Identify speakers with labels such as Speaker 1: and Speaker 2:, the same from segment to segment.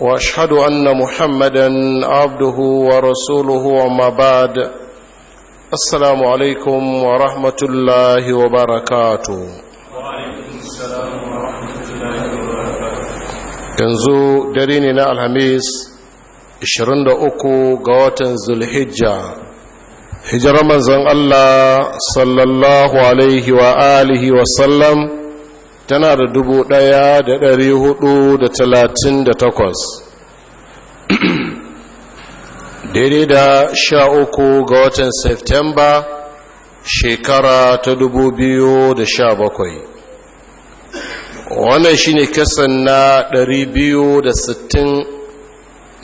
Speaker 1: واشهد ان محمدا عبده ورسوله وما بعد السلام عليكم ورحمه الله وبركاته yanzu dare ne na alhamis 23 ga watan zulhijja hijirar manzon allah sallallahu alaihi wa alihi wasallam tana da dubu ɗaya da ɗari hudu da talatin da takwas daidai da sha uku ga watan september shekara ta dubu biyu da sha bakwai wannan shine kasan na ɗari biyu da sittin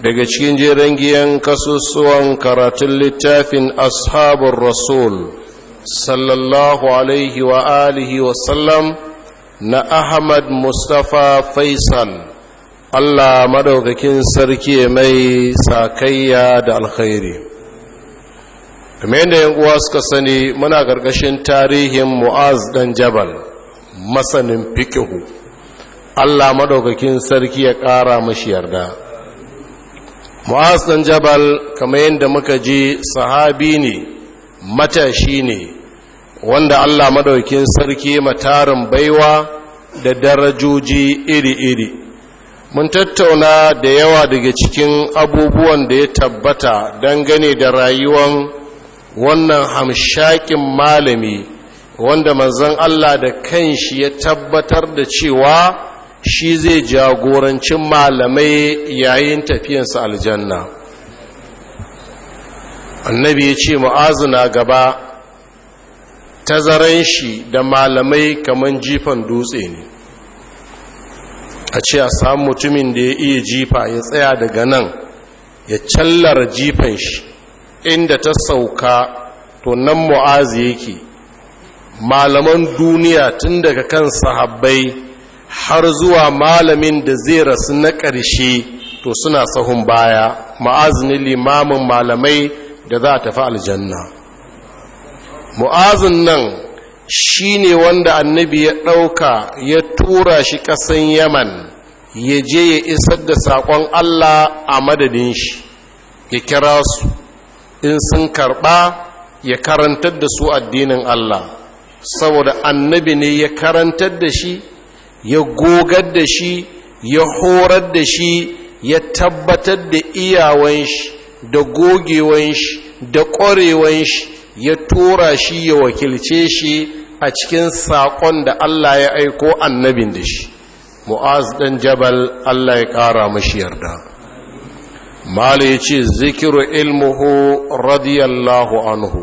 Speaker 1: daga cikin jiran giyan kasusuwan karatun littafin Ashabar rasul sallallahu alaihi wa alihi wasallam na ahmad mustapha faisal allah madaukakin sarki mai sakayya da alkhairi kuma yadda yan uwa suka sani muna gargashin tarihin mu'az dan jabal masanin fikihu allah madaukakin sarki ya ƙara mashi yarda mu'az dan jabal kamar yadda muka ji sahabi ne matashi ne wanda Allah madaukin sarki matarin baiwa da darajoji iri-iri mun tattauna da yawa daga cikin abubuwan da ya tabbata dangane da rayuwan wannan hamshakin malami wanda manzon Allah da kanshi ya tabbatar da cewa shi zai jagoranci malamai yayin tafiyansa aljanna annabi ya ce mu'azu na gaba tazaran shi da malamai kamar jifan dutse ne a ce a samu mutumin da ya iya jifa ya tsaya daga nan ya callar jifan shi inda ta sauka to nan mu'azi yake malaman duniya tun daga kan sahabbai har zuwa malamin da zai rasu na ƙarshe to suna sahun baya ma'azinin limamin malamai da za a tafi aljanna mu'azin nan shi ne wanda annabi ya ɗauka ya tura shi ƙasan yaman ya je ya isar da saƙon allah a madadin shi ya kira su in sun karɓa ya karantar da su addinin allah saboda annabi ne ya karantar da shi ya gogar da shi ya horar da shi ya tabbatar da iyawan shi da gogewan shi da ƙwarewan shi ya tura shi ya wakilce shi a cikin saƙon da Allah ya aiko annabin da shi mu'az ɗan jabal Allah ya ƙara mashi yarda mala ya ce zikiru ilmuhu radiyallahu anhu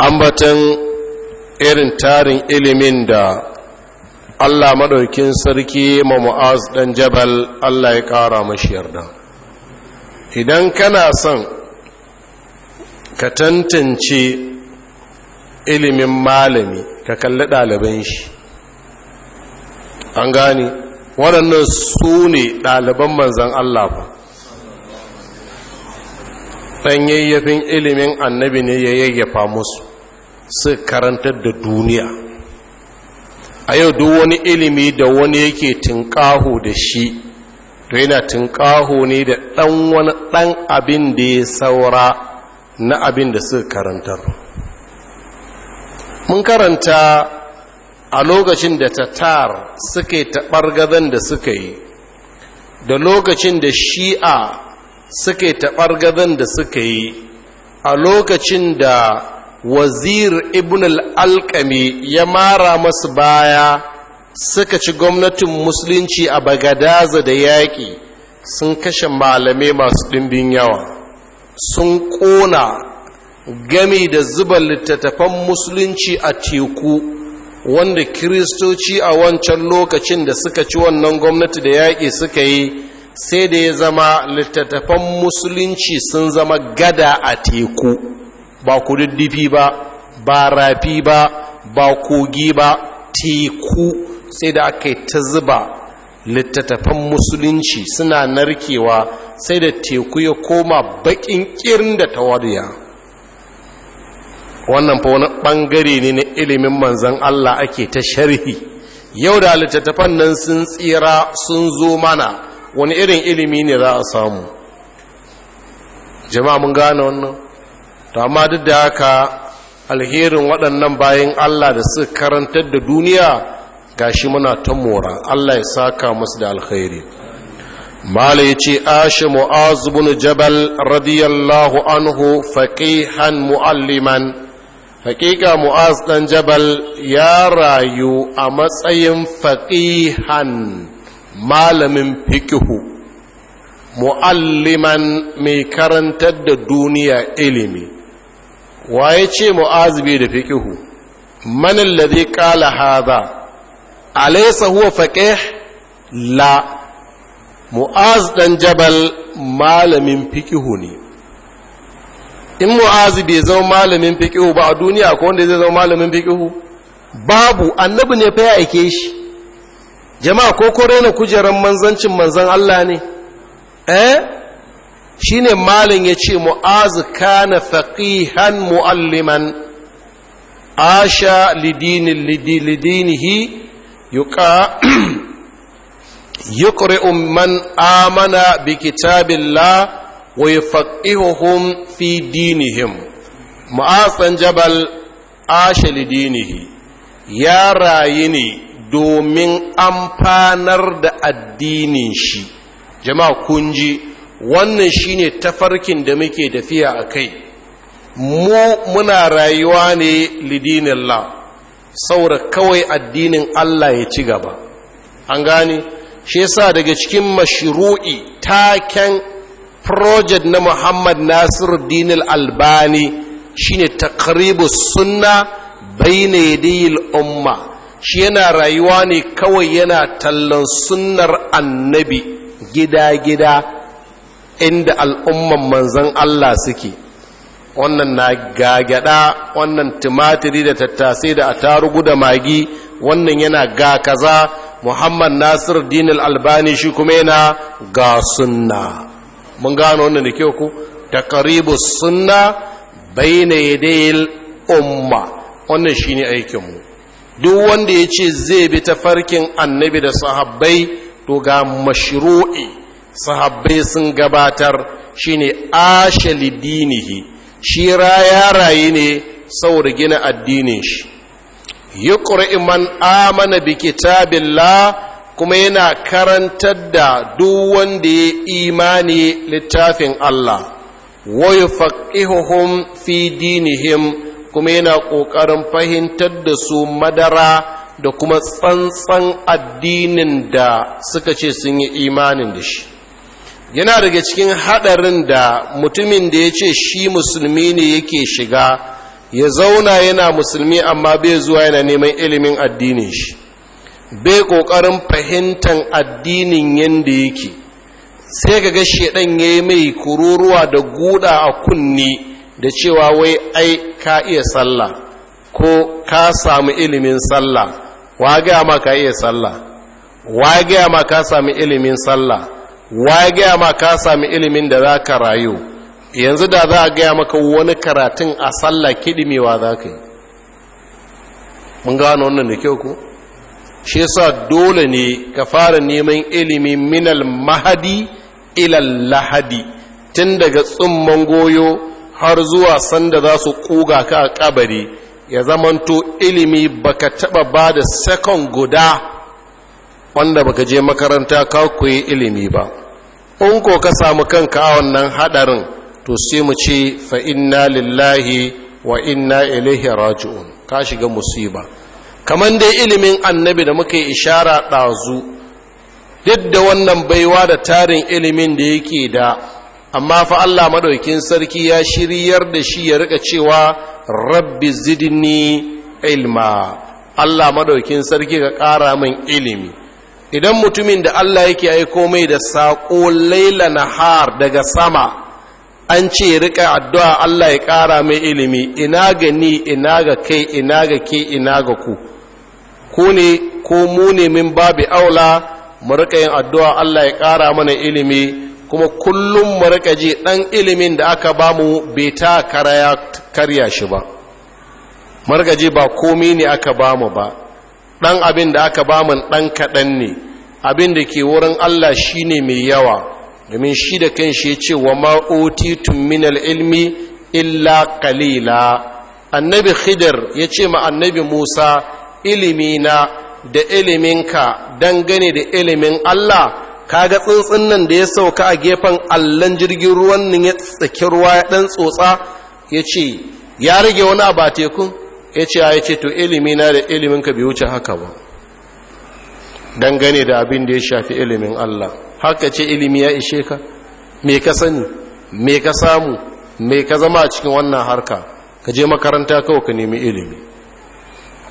Speaker 1: ambatan irin tarin ilimin da Allah maɗaukin sarki ma mu'az ɗan jabal Allah ya ƙara mashi yarda idan kana son ka tantance ilimin malami ka kalli ɗaliban shi an gane waɗannan su ne ɗaliban manzan Allah ba ɗan yayyafin ilimin annabi ne ya yayyafa musu su karantar da duniya a yau duk wani ilimi da wani yake tunƙaho da shi to yana tunƙaho ne da ɗan wani ɗan abin da ya saura na abin da suka karantar mun karanta a lokacin da tatar suka yi taɓargazan da suka yi da lokacin da shi'a suka yi taɓargazan da suka yi a lokacin da wazir ibn al'alƙami ya mara masu baya suka ci gwamnatin musulunci a bagadaza da yaƙi sun kashe malamai masu ɗimbin yawa sun ƙona gami da zuba littattafan musulunci a teku wanda kiristoci a wancan lokacin da suka ci wannan gwamnati da yaƙi suka yi sai da ya zama littattafan musulunci sun zama gada a teku ba kududdufi ba ba rafi ba ba kogi ba teku sai da aka yi ta zuba littattafan musulunci suna narkewa sai da teku ya koma bakin kirin da tawariya wannan fa wani bangare ne na ilimin manzan Allah ake ta sharhi yau da littattafan nan sun tsira sun zo mana wani irin ilimi ne za a samu jama'a mun gane wannan to amma duk da haka alherin waɗannan bayan Allah da su karantar da duniya gashi muna ta mora Allah ya saka musu da alkhairi mala ya ce ashe mu'az bin jabal radiyallahu anhu faƙihan mu'alliman haƙiƙa mu'az ɗan jabal ya rayu a matsayin faƙihan malamin fikihu mu'alliman mai karantar da duniya ilimi waye ce mu'az bai da fikihu Manin alladhi qala hadha alaysa huwa faqih la mu'az dan jabal malamin fikihu ne in mu'az bai zama malamin fikihu ba a duniya ko wanda zai zama malamin fikihu babu annabi ne fa ya aike shi jama'a ko ko rena kujeran manzancin manzan Allah ne eh shine malin yace mu'az kana faqihan mualliman asha lidini lidinihi yuqa yuqri'u man amana bi kitabillah wa yufaqihuhum fi dinihim ma'asan jabal ashali dinihi ya rayu ne domin amfanar da addinin shi jama'a kunji, wannan shine tafarkin da muke tafiya a kai mu muna rayuwa ne lidinillah saura kawai addinin Allah ya ci gaba an gane shi yasa daga cikin mashru'i taken project na Muhammad Nasiru Dinil Albani shine takribu sunna bayna yadayil umma shi yana rayuwa ne kawai yana tallan sunnar annabi gida-gida inda al'umman manzan Allah suke wannan na gagada wannan tumatiri da tattasai da atarugu da magi wannan yana ga kaza muhammad nasir dinil albani shi kuma yana ga sunna mun gano wannan da kyau ku karibu sunna bayna yadayil umma wannan shi ne aikinmu. duk wanda ya ce zai bi ta farkin annabi da sahabbai to ga mashru'i sahabbai sun gabatar shine ne dinihi shi ya rayu ne saboda gina addinin shi yi man amana bi kitabillah kuma yana karantar da duk wanda ya imani littafin Allah Wai faƙihuhun fi dinihim kuma yana ƙoƙarin fahimtar da su madara da kuma tsantsan addinin da suka ce sun yi imanin da shi yana daga cikin hadarin da mutumin da ya ce shi musulmi ne yake shiga ya zauna yana musulmi amma bai zuwa yana neman ilimin addinin shi bai ƙoƙarin fahimtar addinin yadda yake sai ka ga shi ya yi mai kururuwa da guda a kunni da cewa wai ai ka iya sallah ko ka samu ilimin sallah wa gaya ma ka iya sallah wa gaya ma ka samu ilimin sallah wa ya gaya ma ka sami ilimin da za ka rayu yanzu da za a gaya maka wani karatun a sallah kidimewa za ka yi mun gano wannan da kyau ku. shi yasa dole ne ka fara neman ilimi minal mahadi ilal lahadi tun daga tsumman goyo har zuwa sanda za su kuga ka a kabari ya zamanto ilimi baka taba ba da sakon guda wanda baka je makaranta ka koyi ilimi ba in ko ka samu kanka a wannan hadarin to sai mu ce fa inna lillahi wa inna ilaihi raji'un ka shiga musiba kaman dai ilimin annabi da muka yi ishara ɗazu duk da wannan baiwa da tarin ilimin da yake da amma fa Allah madaukin sarki ya shiryar da shi ya rika cewa rabbi zidni ilma Allah madaukin sarki ka ƙara min ilimi idan mutumin da Allah yake aiko komai da saƙo laila har daga sama an ce riƙa addu'a Allah ya ƙara mai ilimi ina ga ni ina ga kai ina ga ke ina ga ku ku ne ko mu ne min babu aula mu riƙa yin addu'a Allah ya ƙara mana ilimi kuma kullum mu riƙa ji ɗan ilimin da aka ba mu bai ta karya shi ba mu riƙa ji ba komi ne aka ba mu ba ɗan abin da aka bamun ɗan kaɗan ne abin da ke wurin Allah shi ne mai yawa domin shi da kan shi ce wa ma'oti minal ilmi illa kalila annabi khidir ya ce ma annabi musa ilimi na da iliminka dangane da ilimin Allah kaga tsuntsun nan da ya sauka a gefen allon jirgin ruwan nan ya tsaki ruwa ya ɗan tsotsa ya ce ya rage wani a tekun ya ce ya ce to ilimi na da iliminka bi wuce haka ba dangane da abin da ya shafi ilimin Allah haka ce ilimi ya ishe ka me ka sani me ka samu me ka zama a cikin wannan harka ka je makaranta kawai ka nemi ilimi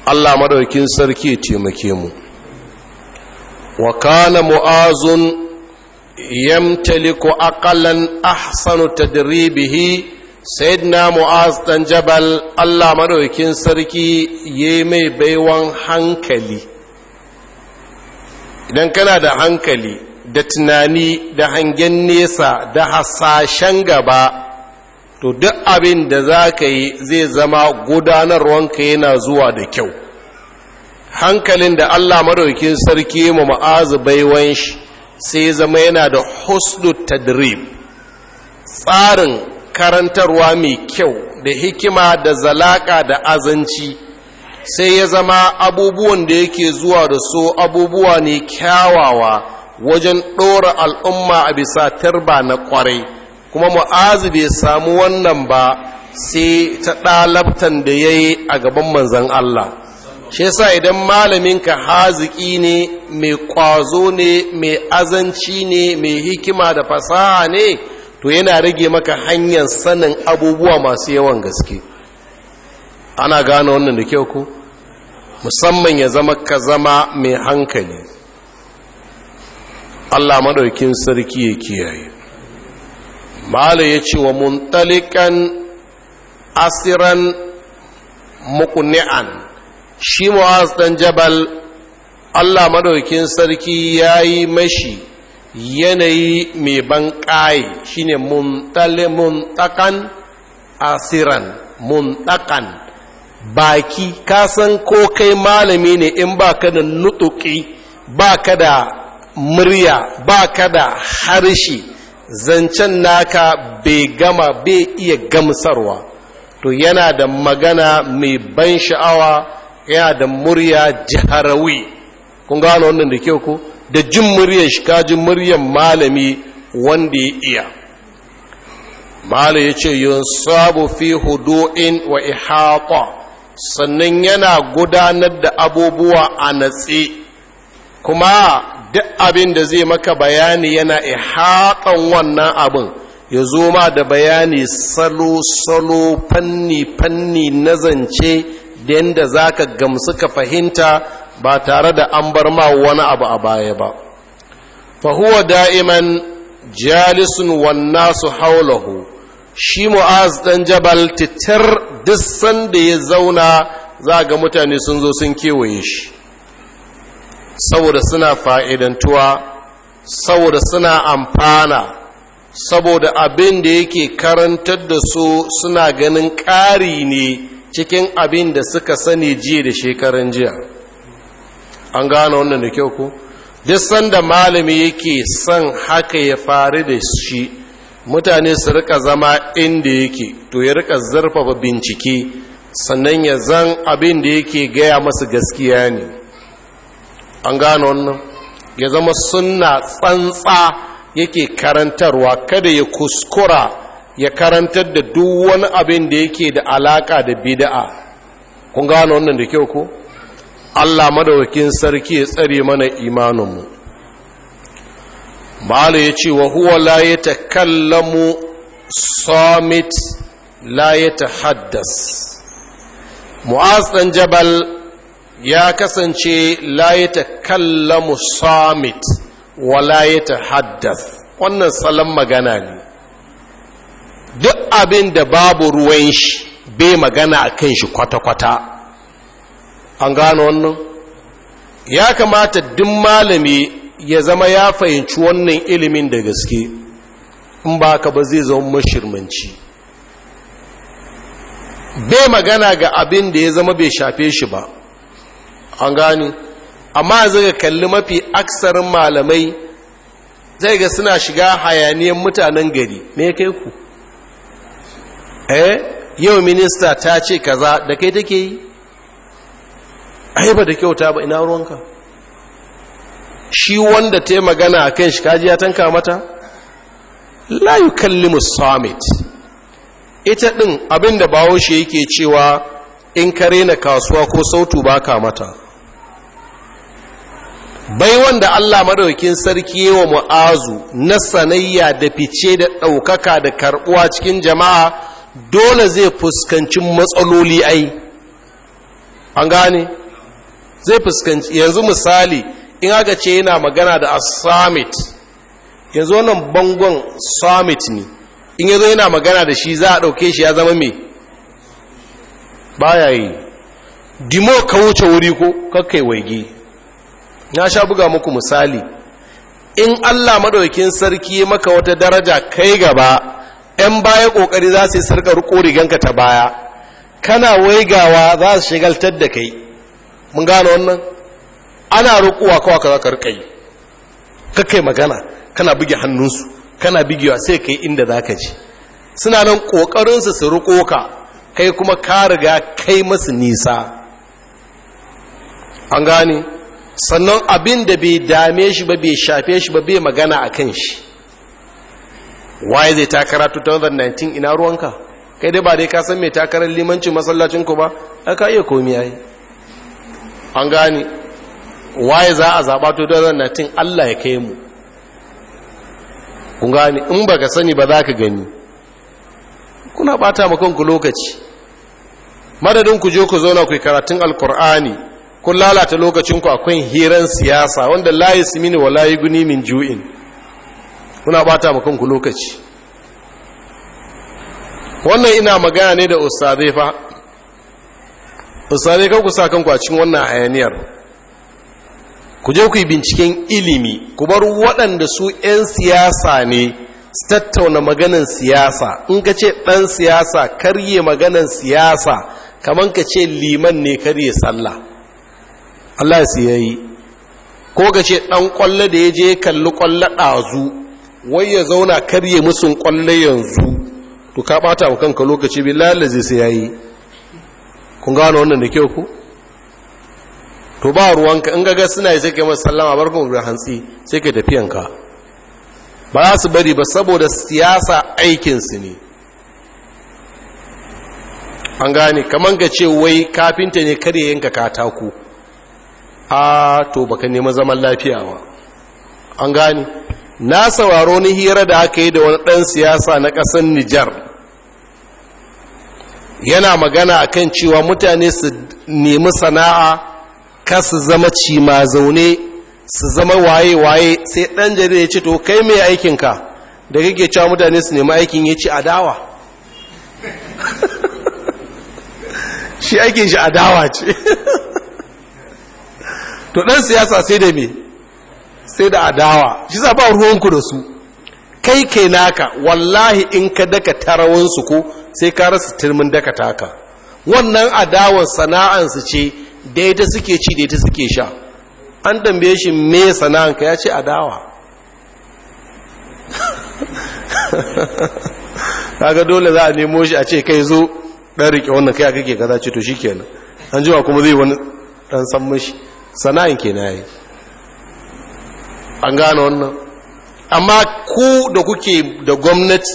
Speaker 1: Allah madaukin sarki ya taimake mu wa kana mu'azun yamtaliku aqalan ahsanu tadribihi sayyidina mu'az dan jabal allah maɗaukin sarki ya mai baiwan hankali idan kana da hankali da tunani da hangen nesa da hasashen gaba to duk abin da za ka yi zai zama gudanarwanka yana zuwa da kyau hankalin da allah maɗaukin sarki ma ma'azu baiwan shi sai zama yana da husnu tadrib tsarin karantarwa mai kyau da hikima da zalaka da azanci sai ya zama abubuwan da yake zuwa da so abubuwa ne kyawawa wajen ɗora al'umma a bisa tarba na ƙwarai kuma mu'azu bai samu wannan ba sai ta ɗalabtan da ya yi a gaban manzan Allah shi yasa idan malaminka haziki ne mai ƙwazo ne mai azanci ne mai hikima da fasaha ne to yana rage maka hanyar sanin abubuwa masu yawan gaske ana gane wannan da kyau ku musamman ya zama ka zama mai hankali allah maɗaukin sarki ya kiyaye ma'ala ya ce wa muntalikan asiran mukuni'an shi mu'az dan jabal allah maɗaukin sarki ya yi mashi yanayi mai ban ƙaye shi ne muntakan asiran muntakan baki kasan ko kai malami ne in ba ka da nutuki ba ka da murya ba ka da harshe zancen naka bai gama bai iya gamsarwa to yana da magana mai ban sha'awa yana da murya jiharawi kun gano wannan da kyau ku da jin muryar shi ka ji muryar malami wanda ya iya malai ya ce sabu fi hudu'in wa ihata sannan yana gudanar da abubuwa a natsi kuma duk abin da zai maka bayani yana ihatan wannan abin ya zo ma da bayani salo-salo fanni-fanni na zance da yadda za ka gamsu ka fahimta ba tare da an bar ma wani abu a baya ba fahuwa da'iman jalisun wanna su haulahu shi mu'az ɗan jabal titir duk sanda ya zauna za ga mutane sun zo sun kewaye shi saboda suna fa'idantuwa saboda suna amfana saboda abin da yake karantar da su suna ganin ƙari ne cikin abin da suka sani jiya da shekaran jiya an gane wannan da kyau ko duk sanda malami yake son haka ya faru da shi mutane su rika zama inda yake to ya rika zarfafa bincike sannan ya zan abin da yake gaya masu gaskiya ne an gane wannan ya zama suna tsantsa yake karantarwa kada ya kuskura ya karantar da duk wani abin da yake da alaka da bida'a. kun gano wannan da kyau ko Allah madaukakin sarki ya tsare mana imaninmu mala ya ce wa huwa la ya takallamu summit la ya mu'az dan jabal ya kasance la ya takallamu wa la ya tahaddas wannan salon magana ne duk abin da babu ruwan shi bai magana a kan shi kwata-kwata an gano wannan ya kamata duk malami ya zama ya fahimci wannan ilimin da gaske in ba ka ba zai zama mashirmanci bai magana ga abin da ya zama bai shafe shi ba an gani amma zai kalli mafi aksarin malamai zai ga suna shiga hayaniyan mutanen gari me kai ku eh yau minista ta ce kaza da kai take yi ba da kyauta ba ina ruwanka shi wanda ta yi magana a kan shi kaji ya tanka mata la yukallimu summit ita ɗin abinda bawo shi yake cewa in ka rena kasuwa ko sautu ba ka mata bai wanda allah maɗaukin sarki wa mu'azu na sanayya da fice da ɗaukaka da karɓuwa cikin jama'a dole zai fuskanci matsaloli ai an gane zai fuskanci yanzu misali in aka ce yana magana da summit yanzu wannan bangon summit ne in yanzu yana magana da shi za a ɗauke shi ya zama mai baya dimo ka wuce wuri ko kakai waige na sha buga muku misali in allah maɗaukin sarki maka wata daraja kai gaba 'yan baya ƙoƙari za su yi sarƙa riko riganka ta baya kana waigawa za su shigaltar da kai mun gano wannan ana rukuwa kawa ka za ka riƙa yi kakai magana kana bugi hannunsu kana bugiwa sai kai inda za ka ji suna nan ƙoƙarinsu su riƙo ka kai kuma ka riga kai masu nisa an gane sannan abin da bai dame shi ba bai shafe shi ba bai magana a kan shi waye zai takara 2019 ina ruwanka kai dai ba dai ka san mai takarar limancin masallacin ku ba ka iya komi yayi an gane waye za a zaba 2019 Allah ya kai mu kun gane in baka sani ba za ka gani kuna bata ma kanku lokaci madadin ku je ku zauna ku karatun alkur'ani kun lalata lokacin ku akwai hiran siyasa wanda la yasmini wa la guni min ju'in kuna bata ma kanku lokaci wannan ina magana ne da ustazai fa ustazai kan ku sa kanku a cikin wannan hayaniyar ku je ku yi binciken ilimi ku bar waɗanda su 'yan siyasa ne su tattauna maganan siyasa in ka ce ɗan siyasa karye maganan siyasa kamar ka ce liman ne karye sallah Allah siyayi ko ka ce ɗan ƙwallo da ya je kalli ƙwallo ɗazu wai ya zauna karye musun kwallo yanzu to ka bata wa kanka lokaci bi lalaze sai yayi kun ga wannan da kyau ku to ba ruwanka in ga suna yi sai kai masa sallama barkun da hantsi sai kai tafiyanka ba za su bari ba saboda siyasa aikinsu ne an gane kaman ga ce wai kafinta ne karye yanka katako a to baka neman zaman lafiya ba an gane na sauraro ni hira da aka yi da wani ɗan siyasa na ƙasar nijar yana magana akan cewa mutane su nemi sana'a ka su zama cima zaune su zama waye-waye sai ɗan jarida ya ce to kai mai aikinka da kake cewa mutane su nemi aikin ya ce adawa shi aikin shi adawa ce to ɗan siyasa sai da me sai da adawa shi sa ba ruwanku da su kai kai naka wallahi in ka daka tarawansu ko sai ka rasa turmin daka taka wannan adawar sana'ansu ce da ita suke ci da ita suke sha an tambaye shi me sana'anka ya ce adawa kaga dole za a nemo shi a ce kai zo dan rike wannan kai a kake kaza ce to shikenan an jiwa kuma zai wani dan san mishi sana'in kenan yayi an gane wannan amma ku da kuke da gwamnati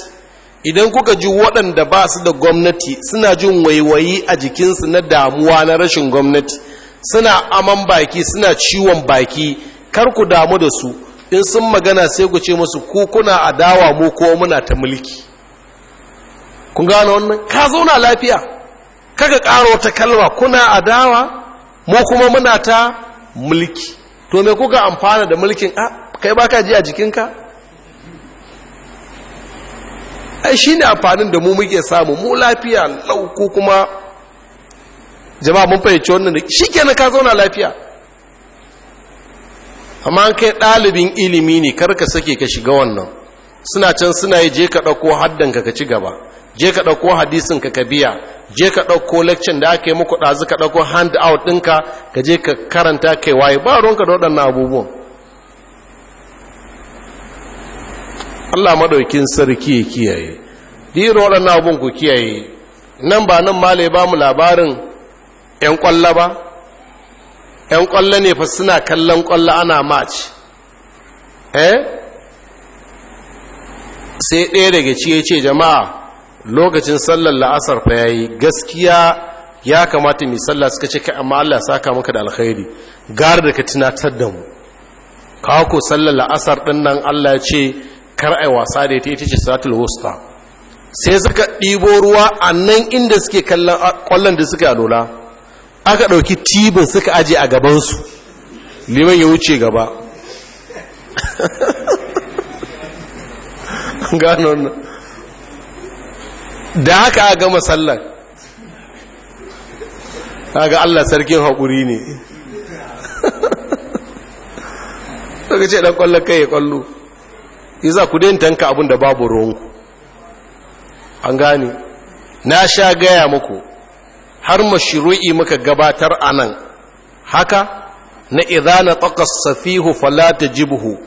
Speaker 1: idan kuka ji waɗanda ba su da gwamnati suna jin waiwayi a jikinsu na damuwa na rashin gwamnati suna aman baki suna ciwon baki kar ku damu da su in sun magana sai ku ce musu ku kuna adawa mu ko muna ta mulki kun gane wannan ka zauna lafiya kaga ƙara wata kalma kuna adawa mu kuma muna ta mulki to me kuka amfana da mulkin a ah, kai baka ji a jikinka ai shi ne amfanin da mu muke samu mu lafiya lauku kuma jama'a mun fahimci wannan da shi kenan ka zauna lafiya amma an kai ɗalibin ilimi ne karka sake ka shiga wannan suna can suna yi je ka ɗauko haddanka ka ci gaba je ka ɗauko hadisin ka biya je ka ɗauko lecture da ake muku ɗazu ka ɗauko hand out ɗinka ka je ka karanta kai waye ba ronka da waɗannan abubuwan Allah maɗaukin sarki ya kiyaye diro waɗannan abubuwan ku kiyaye nan ba nan malai ba mu labarin 'yan ƙwallo ba 'yan ƙwallo ne fa suna kallon ƙwallo ana match eh sai ɗaya daga ciye ce jama'a lokacin sallar la'asar fa yayi gaskiya ya kamata mai sallah suka ce kai amma Allah saka maka da alkhairi gara da ka tunatar da mu kawo ko sallar la'asar din nan Allah ya ce kar ai wasa da ita ita ce salatul wusta sai suka ɗibo ruwa a nan inda suke kallon kwallon da suka alola aka ɗauki tibin suka aje a gabansu liman ya wuce gaba gano da haka a gama sallar ga Allah sarkin haƙuri ne daga ce ɗan ƙwallon kai ya ƙwallo yi za ku dain tanka abin da babu ruwanku an gane na sha gaya muku har mashiru'i muka gabatar a nan haka na idana takas safihu falata jibhu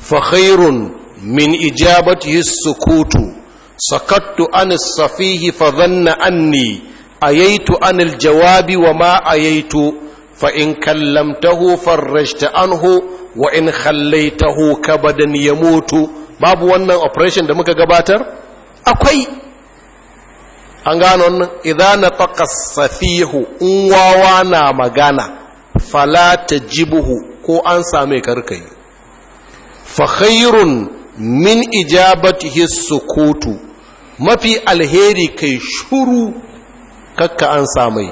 Speaker 1: fa khairun min su sukutu sakattu an safihi fa dhanna anni ayaitu an aljawabi wa ma ayaitu fa in kallamtahu farrajta anhu wa in khallaitahu kabadan yamutu babu wannan operation da muka gabatar akwai an gano wannan idan na safihu in wawa na magana fala tajibuhu ko an same karkai fa khairun min ijabatihi kotu. mafi alheri kai shuru kakka an samai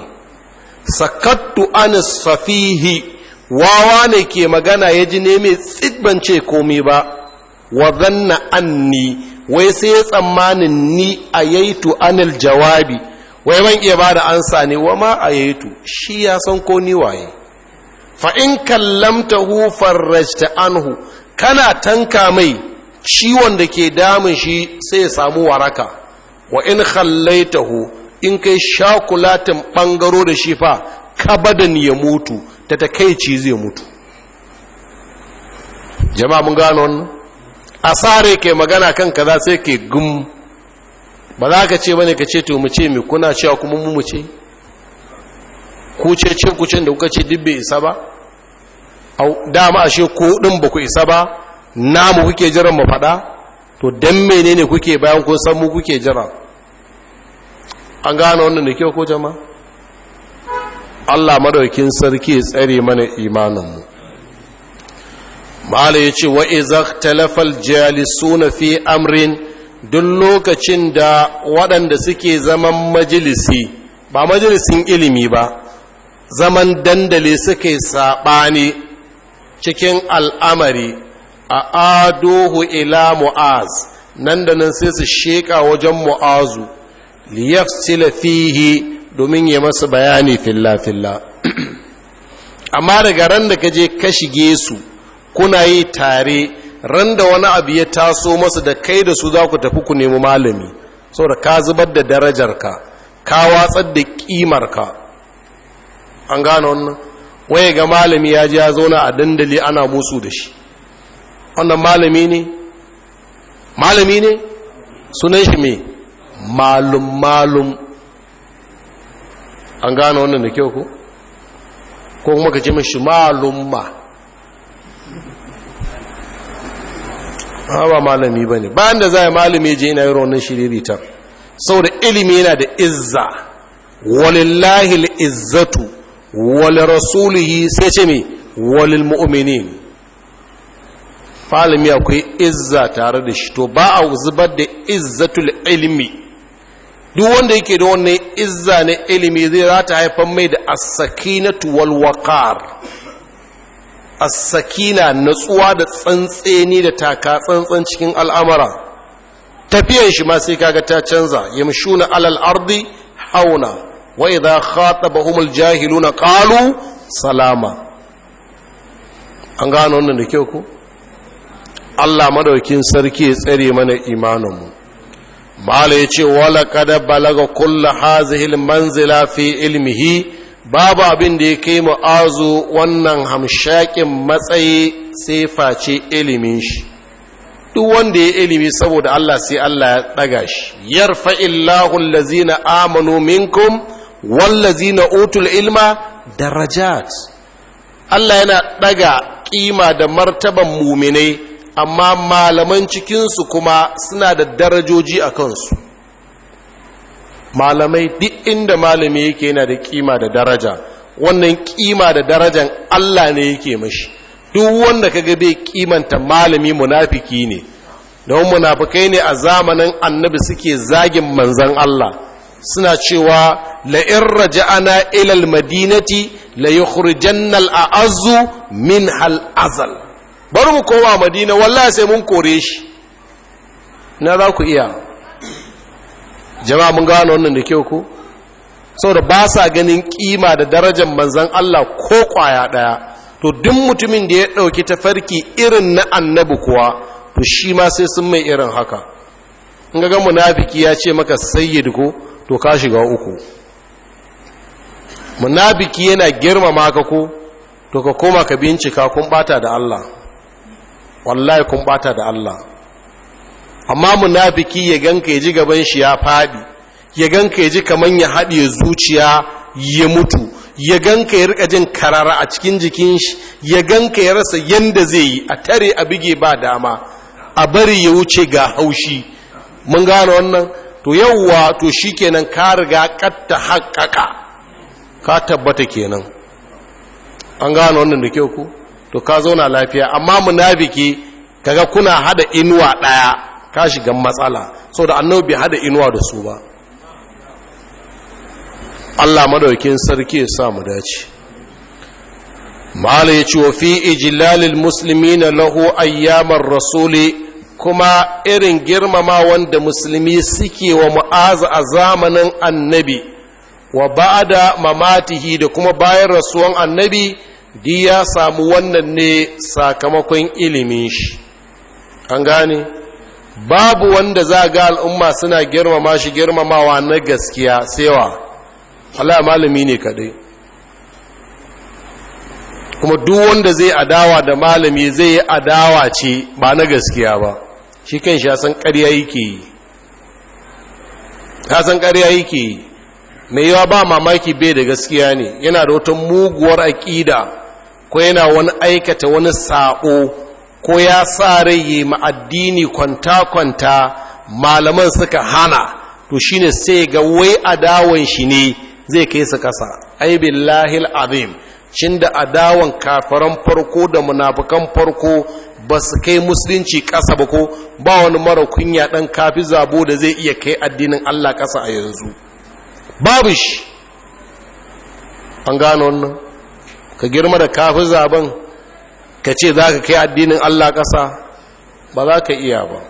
Speaker 1: sakattu an safihi wawa ne ke magana ya ji neme tsibbance komai ba wa zanna anni wai sai ya tsammanin ni a yaitu anil jawabi wai ban iya bada ansa ne wa ma a shi ya san ko ni waye fa in kallamtahu farrajta anhu kana tanka mai ciwon da ke damun shi sai ya samu waraka wa in khallaitahu in kai shakulatin bangaro da shi fa kabadan ya mutu ta takaici zai mutu jama'a mun gano wannan asare ke magana kan kaza sai ke gum ba za ka ce bane ka ce to mu ce me kuna cewa kuma mu mu ce ku ce cin kucin da kuka ce dibbe isa ba dama ashe ko din ba ku isa ba namu kuke jiran mu faɗa to don menene kuke bayan kun san mu kuke jira an gane wannan da kyau ko jama Allah madaukin sarki tsare mana imaninmu mala ya ce wa izak talafal jalisuna fi amrin duk lokacin da waɗanda suke zaman majalisi ba majalisin ilimi ba zaman dandali suke saɓani cikin al'amari a adohu ila mu'az nan da nan sai su sheƙa wajen mu'azu liyafsila fihi domin ya masa bayani filla-filla amma daga ran da kaje ka shige su kuna yi tare ran da wani abu ya taso masa da kai da su za ku tafi ku nemi malami saboda ka zubar da darajarka ka watsar da ƙimarka an gano wannan waye ga malami ya ji ya zauna a dandali ana musu da shi wannan malami ne malami ne sunan shi me malum malum an gane wannan da kyau ko ko kuma ka ce mashi ma. Ah, ba malami ba ne bayan da za a malami je yana yi raunin Sau da ilimi yana da izza walillahi izzatu wali rasulihi sai ce mai walil mu'minin falimi akwai izza tare da shi to ba a zubar da izzatul ilmi duk wanda yake da wannan izza na ilimi zai rata haifan mai da as-sakinatu wal waqar as-sakina natsuwa da tsantseni da taka tsantsan cikin al'amara tafiyan shi ma sai kaga ta canza yamshuna alal ardi hauna wa idha khatabahumul jahiluna qalu salama an gano wannan da kyau ko Allah madaukin sarki ya tsare mana imaninmu mala ya ce wala kada balaga kulla hazihil manzila fi ilmihi babu abin da ya kai mu'azu wannan hamshakin matsayi sai face ilimin shi duk wanda ya ilimi saboda Allah sai Allah ya daga shi yarfa illahu allazina amanu minkum wallazina utul ilma darajat Allah yana daga kima da martaban muminai amma malaman cikinsu kuma suna da darajoji a kansu malamai duk inda malami yake yana da kima da daraja wannan kima da darajan Allah ne yake mashi duk wanda kaga bai kimanta malami munafiki ne don munafikai ne a zamanin annabi suke zagin manzan Allah suna cewa la'in raja'ana ilal madinati la yukhrijanna al'azzu min hal azal bari mu kowa madina wallahi sai mun kore shi na za ku iya jama'a mun gano wannan da kyau ko saboda ba sa ganin kima da darajar manzan Allah ko kwaya daya to duk mutumin da ya dauki tafarki irin na annabi kuwa to shi ma sai sun mai irin haka in ga munafiki ya ce maka sayyid ko to ka shiga uku munafiki yana girmama ka ko to ka koma ka bincika kun bata da Allah wallahi kun bata da Allah amma munafiki ya ganka ya ji gaban shi ya fadi ya ganka ya ji kaman ya ya zuciya ya mutu ya ganka ya rika jin karara a cikin jikin shi ya ganka ya rasa yanda zai yi a tare a bige ba dama a bari ya wuce ga haushi mun gane wannan to yawwa to shikenan ka riga katta haƙƙaƙa ka tabbata kenan an gane wannan da kyau ko to ka zauna lafiya amma munafiki kaga kuna hada inuwa daya ka shiga matsala saboda annabi bai hada inuwa da su ba Allah madaukin sarki ya sa mu dace mala yace wa fi ijlalil muslimin lahu ayyamar rasuli kuma irin girmama wanda musulmi suke wa mu'aza a zamanin annabi wa ba'da mamatihi da kuma bayan rasuwan annabi di ya samu wannan ne sakamakon ilimin shi an gane babu wanda za ga al'umma suna girmama shi girmamawa na gaskiya sewa Allah malami ne kadai kuma duk wanda zai adawa da malami zai yi adawa ce ba na gaskiya ba shi kan shi san ƙarya yake yi san ƙarya yake yi mai yawa ba mamaki bai da gaskiya ne yana da wata muguwar aƙida ko yana wani aikata wani saƙo ko ya sa rai ma addini kwanta-kwanta malaman suka hana to shi ne sai ga wai adawan shi ne zai kai su kasa ai billahi azim cin da adawan kafaran farko da munafukan farko ba su kai musulunci kasa ba ko ba wani mara kunya ɗan kafi zabo da zai iya kai addinin Allah kasa a yanzu babu shi an gano wannan ka girma da kafin zaben ka ce za ka kai addinin allah ƙasa ba za ka iya ba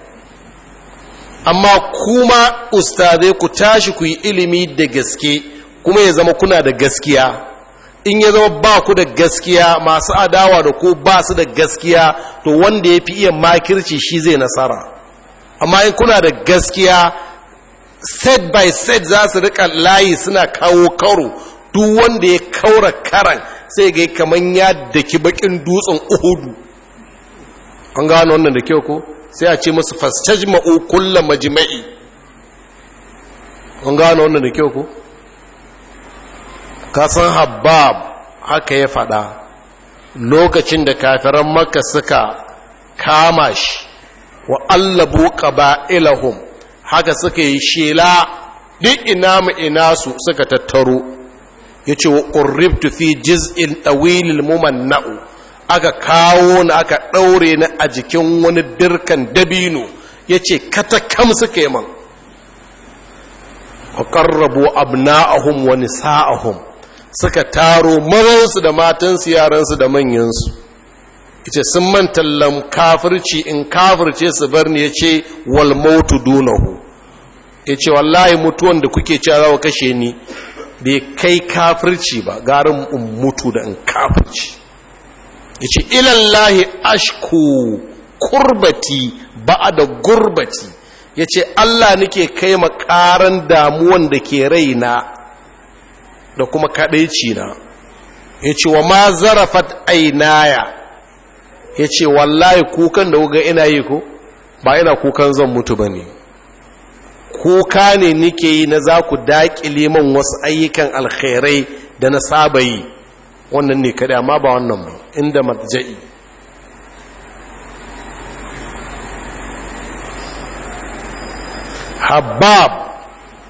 Speaker 1: amma kuma ustazai ku tashi ku yi ilimi da gaske kuma ya zama kuna da gaskiya in ya zama ba ku da gaskiya masu adawa da ku ba su da gaskiya to wanda ya fi iya makirci shi zai nasara amma in kuna da gaskiya set by set za su rika layi suna kawo karo duk wanda ya kaura karan sai ga kamar yadda ki bakin dutsen uhudu an gano wannan da kyau ko sai a ce masu fastajma'u kullum majima'i an gano wannan da kyau ko kasan habab haka ya fada lokacin da kafiran maka suka kama shi wa allabu ilahun haka suka yi shela duk ina mu ina su suka tattaro ya ce wa ƙurribtu fi jiz'in ɗawilil na'u. aka kawo na aka ɗaure na a jikin wani dirkan dabino ya ce katakam suka yi man a ƙarrabo abna'ahum wani nisa'ahum suka taro maransu da matansu yaransu da manyansu ya ce sun manta kafirci in kafirce su bar ne ya ce walmautu dunahu ya ce wallahi mutuwan da kuke cewa za kashe ni bai kai kafirci ba garin mutu da in kafirci ya ce ilallahi ashku kurbati ba da gurbati ya ce allah nake kai ma makaran damuwan da ke raina da kuma kadaici na ya ce wa ma zarafat ainaya ya ce wallahi kukan da wuga ina yi ko ba ina kukan zan mutu ba ne kuka ne nike yi na za ku daƙile man wasu ayyukan alkhairai da na saba yi wannan ne kaɗai amma ba wannan ba inda matja'i habab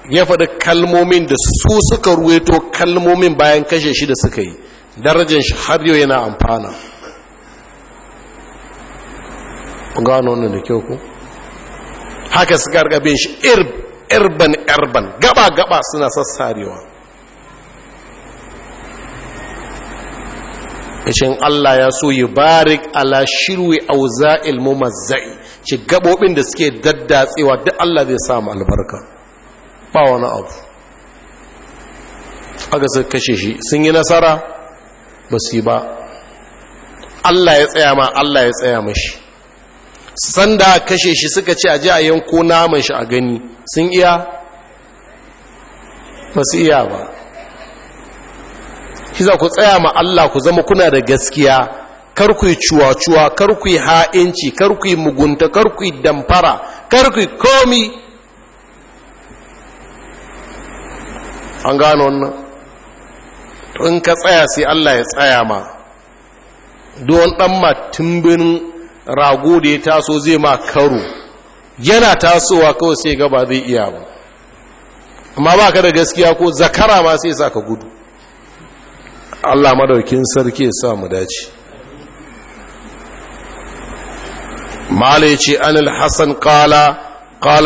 Speaker 1: ya faɗi kalmomin da su suka ruweto kalmomin bayan kashe shi da suka yi darajar shi har yau yana amfana gano wannan da kyau ku haka suka gargabe shi irban irban gaba-gaba suna sassarewa kashin Allah ya so yi barik ala shirwi ilmu mazai ci gabobin da suke daddatsewa duk Allah zai samu albarka ba wani abu aka su kashe shi sun yi nasara ba su yi ba Allah ya tsaya ma Allah ya tsaya mashi sanda kashe shi suka ce a ji a yanko naman shi a gani sun iya ba su iya ba shi ku tsaya ma Allah ku zama kuna da gaskiya kar ku yi cuwa-cuwa kar ku ha'inci kar ku mugunta kar ku damfara kar ku komi an gano wannan in ka tsaya sai Allah ya tsaya ma don ɗan matumbin. rago da ya taso zai ma karo yana tasowa kawai sai ga ba zai iya ba amma ba ka da gaskiya ko zakara ma sai sa ka gudu allah madaukin sarki ya sa mu dace malai ce anil hassan kala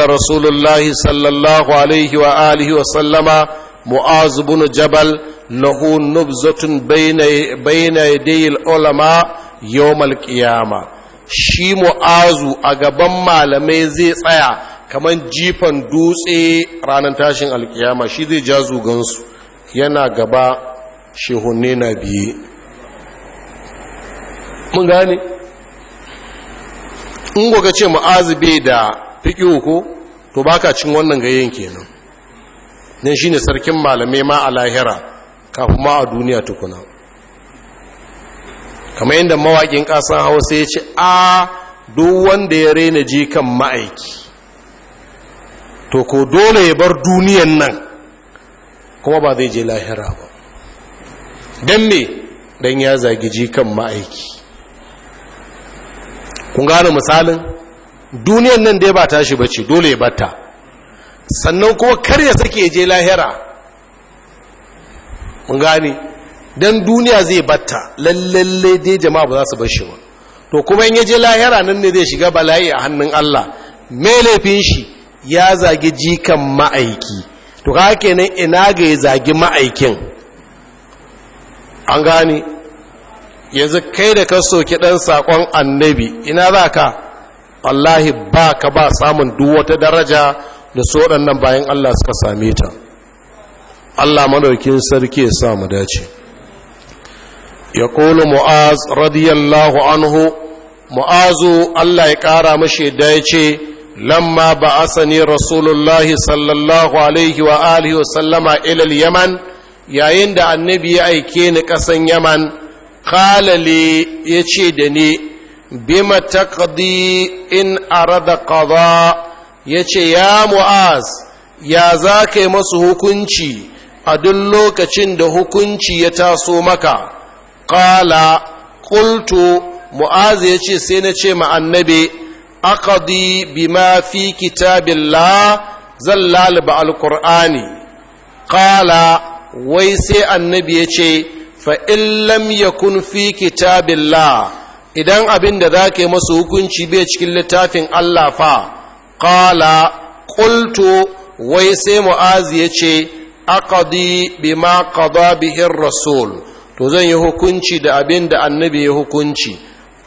Speaker 1: rasulullahi sallallahu alaihi wa alihi wa sallama وسلم معاذ بن جبل له نبزة بين بين يدي shi mu'azu a gaban malamai zai tsaya kamar jifan dutse ranar tashin alkiyama shi zai ja zugansu yana gaba shehunne na biye mun gane in goga ce mu'azu bai da fiƙi ko to baka cin wannan gayen kenan nan ne sarkin malamai ma a lahira kafin ma a duniya tukuna kamar yadda mawaƙin ƙasan hausa ya ce a duk wanda ya rena jikan ma'aiki to ko dole ya bar duniyan nan kuma ba zai je lahira ba don me don ya zagi jikan ma'aiki kun gane misalin duniyan nan da ya ba tashi bace dole ya bata sannan kuma kar ya sake je lahira mun gane don duniya zai batta lallalle dai jama'a ba za su bar shi ba to kuma in yaje lahira nan ne zai shiga bala'i a hannun Allah mai laifin shi ya zagi jikan ma'aiki to ka kenan ina ga ya zagi ma'aikin an gane yanzu kai da ka soke ɗan sakon annabi ina za ka wallahi ba ka ba samun duk wata daraja da su waɗannan bayan Allah suka same ta Allah madaukin sarki ya sa mu dace يقول معاذ رضي الله عنه معاذ الله يقارى مشي دايتي لما بعثني رسول الله صلى الله عليه وآله وسلم إلى اليمن yayin da annabi ya aike ni ƙasan yaman kalale ya ce da ni bima taqdi in arada qada ya ce ya mu'az ya za ka yi masu hukunci a duk lokacin da hukunci ya taso maka qala qultu Mu'azi ya ce sai na ce ma annabi aqdi bima fi kitabillah zan lalaba alqur'ani qala wai sai annabi ya ce fa in lam yakun fi kitabillah idan abin da zaka yi masu hukunci bai cikin littafin Allah fa qala qultu wai sai Mu'azi ya ce aqdi bima qada bihi rasul to zan yi hukunci da abin da annabi ya hukunci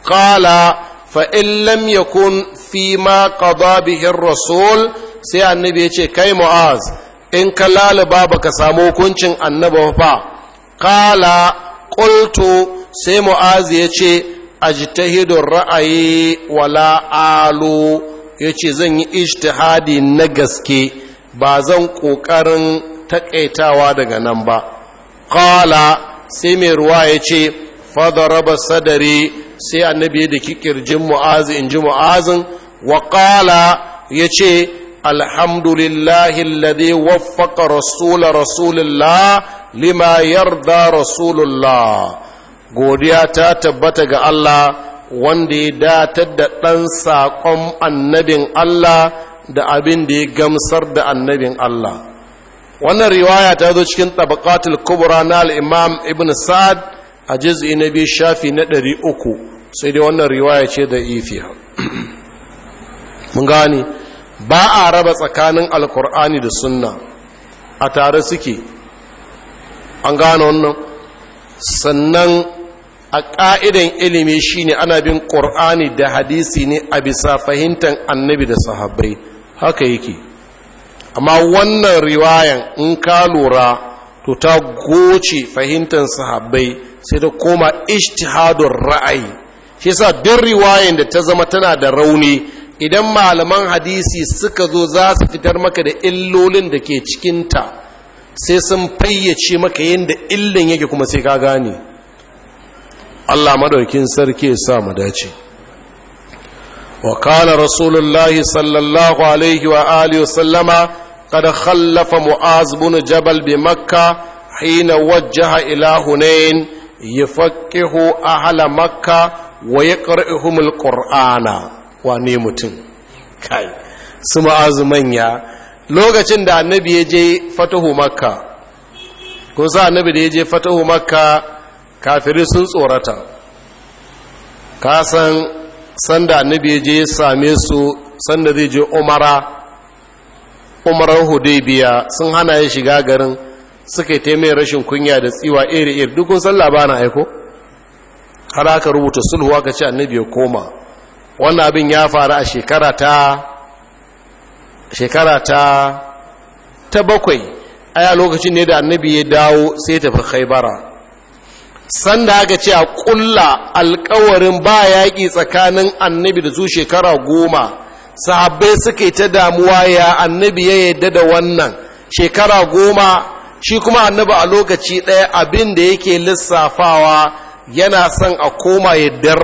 Speaker 1: Ƙala. fa in ya kun fi ma qada bihin rasul sai annabi ya ce kai mu'az in ka lalaba baka samu hukuncin annaba fa Ƙala. ƙulto sai mu'az ya ce hidon ra'ayi wala alu ya ce zan yi ijtihadi na gaske ba zan ƙoƙarin taƙaitawa daga nan ba Ƙala. sai mai ruwa ya ce fadaraba sadari sai annabi da kikirjin mu'azi in ji mu'azin Waƙala ya ce alhamdulillahi alladhi waffaka rasula rasulillah lima yarda rasulullah godiya ta tabbata ga Allah wanda ya datar da ɗan saƙon annabin Allah da abin da ya gamsar da annabin Allah wannan riwaya ta zo cikin tabaqatul kubra na al-imam ibn sa'ad a juz'i na biyu shafi na ɗari uku sai dai wannan riwaya ce da ifiya mun gane ba a raba tsakanin alkur'ani da sunna a tare suke an gane wannan sannan a ƙa'idan ilimi shine ana bin ƙur'ani da hadisi ne a bisa fahimtar annabi da sahabbai haka yake amma wannan riwayan in ka lura to ta goce fahimtar sahabbai sai ta koma ishtihadun ra'ayi shi yasa duk riwayan da ta zama tana da rauni idan malaman hadisi suka zo za su fitar maka da illolin da ke cikinta sai sun fayyace maka yadda illin yake kuma sai ka gane Allah madaukin sarki ya sa mu dace wa kana rasulullahi sallallahu alaihi wa alihi wa kada khallafa mu'az bin jabal bi makka hina wajjaha ila hunain yafaqqihu ahla makka wa yaqra'uhum alqur'ana wane mutum kai su mu'az manya lokacin da annabi ya je fatahu maka, kun annabi da ya je fatahu makka kafiri sun tsorata kasan sanda annabi ya je same su sanda zai je umara umarar hudaybiya sun hana ya shiga garin suka yi rashin kunya da tsiwa iri iri dukkan sallah ba na aiko har aka rubuta sulhu ka ce annabi ya koma wannan abin ya faru a shekara ta ta ta bakwai aya lokacin ne da annabi ya dawo sai tafi khaibara sanda aka ce a kulla alkawarin ba yaƙi tsakanin annabi da su shekara goma sahabbai suke ta damuwa ya annabi ya yadda da wannan shekara goma shi kuma annabi a lokaci ɗaya abin da yake lissafawa yana son a koma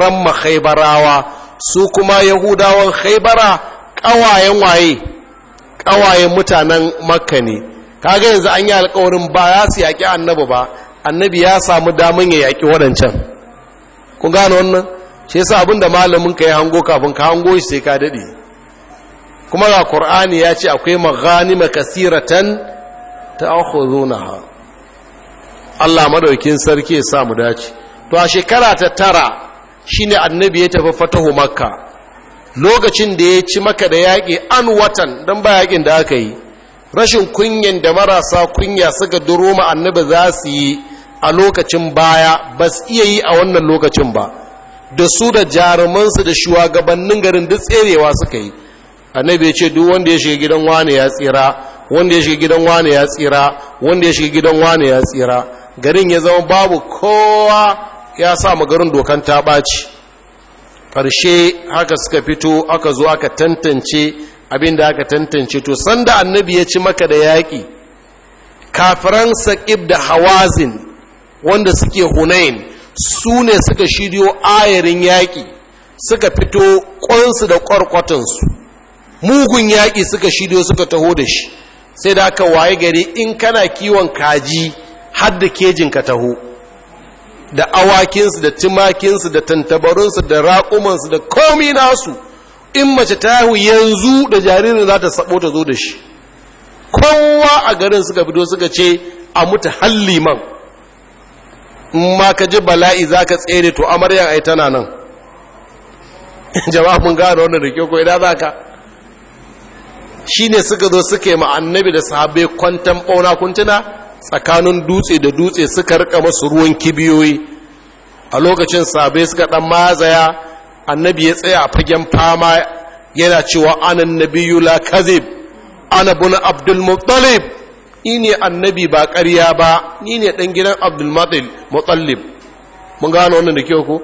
Speaker 1: ramma haibarawa su kuma yahudawan haibara ƙawayen waye ƙawayen mutanen makka ne kaga yanzu an yi alkawarin ba ya su yaƙi annabi ba annabi ya samu damin ya yaƙi waɗancan ku gane wannan shi yasa abin da malamin ka ya hango kafin ka hango shi sai ka daɗe kuma ga qur'ani ya ce akwai maghanima kasiratan ta'khudunaha Allah madaukin sarki ya sa mu dace to a shekara ta tara shine annabi ya tafi fatahu makka lokacin da ya ci maka da yaƙi an watan don ba yaƙin da aka yi rashin kunyan da marasa kunya suka duro ma annabi za su yi a lokacin baya ba su iya yi a wannan lokacin ba da su da jarumansu da shugabannin garin duk tserewa suka yi annabi ya ce duk wanda ya shiga gidan wane ya tsira wanda ya shiga gidan wane ya tsira wanda ya shiga gidan wane ya tsira garin ya zama babu kowa ya sa garin dokan ta ɓaci ƙarshe haka suka fito aka zo aka tantance abinda aka tantance to sanda annabi ya ci maka da yaƙi kafiran saƙib da hawazin wanda suke hunain su ne suka shiryo ayarin yaƙi suka fito ƙwansu da ƙwarƙwatansu mugun yaƙi suka shiryo suka taho da shi sai da aka waye gari in kana kiwon kaji har da kejin ka taho da awakinsu da timakinsu da tantabarunsu da raƙumansu da komi nasu in mace ta haihu yanzu da jaririn za ta sabo ta zo da shi kowa a garin suka fito suka ce a mutu halliman in ma ka ji bala'i za ka tsere to amaryan ai tana nan jama'a mun gano wannan da kyau ko idan za ka Shi ne suka zo suke ma annabi da sahabbai kwantan bauna kuntuna tsakanin dutse da dutse suka rika masu ruwan kibiyoyi a lokacin sahabbai suka dan mazaya annabi ya tsaya a fagen fama yana cewa anan nabiyu la kazib ana bin abdul muttalib ni ne annabi ba ƙarya ba ni ne ɗan gidan abdul muttalib mun gano wannan da kyau ko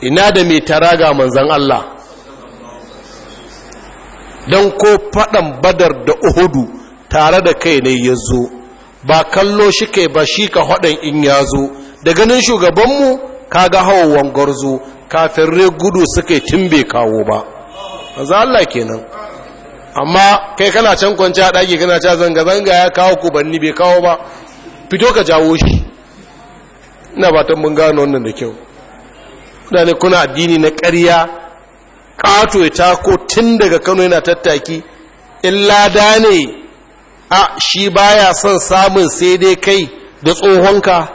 Speaker 1: ina da mai tara ga manzan Allah Dan ko faɗan badar da uhudu tare da kai ne ya zo ba kallo shi kai ba shi ka haɗin in ya zo da ganin shugabanmu ka ga hawan gwarzo kafin re gudu suka tun bai kawo ba maza Allah kenan amma kai kana can kwanci a ɗaki kana ca zanga-zanga ya kawo kubanni bai kawo ba fito ka jawo shi ina ba mun gano wannan da kyau ne kuna addini na ƙarya ƙato ya tako tun daga kano yana tattaki in lada ne a shi baya son samun sai dai kai da tsohonka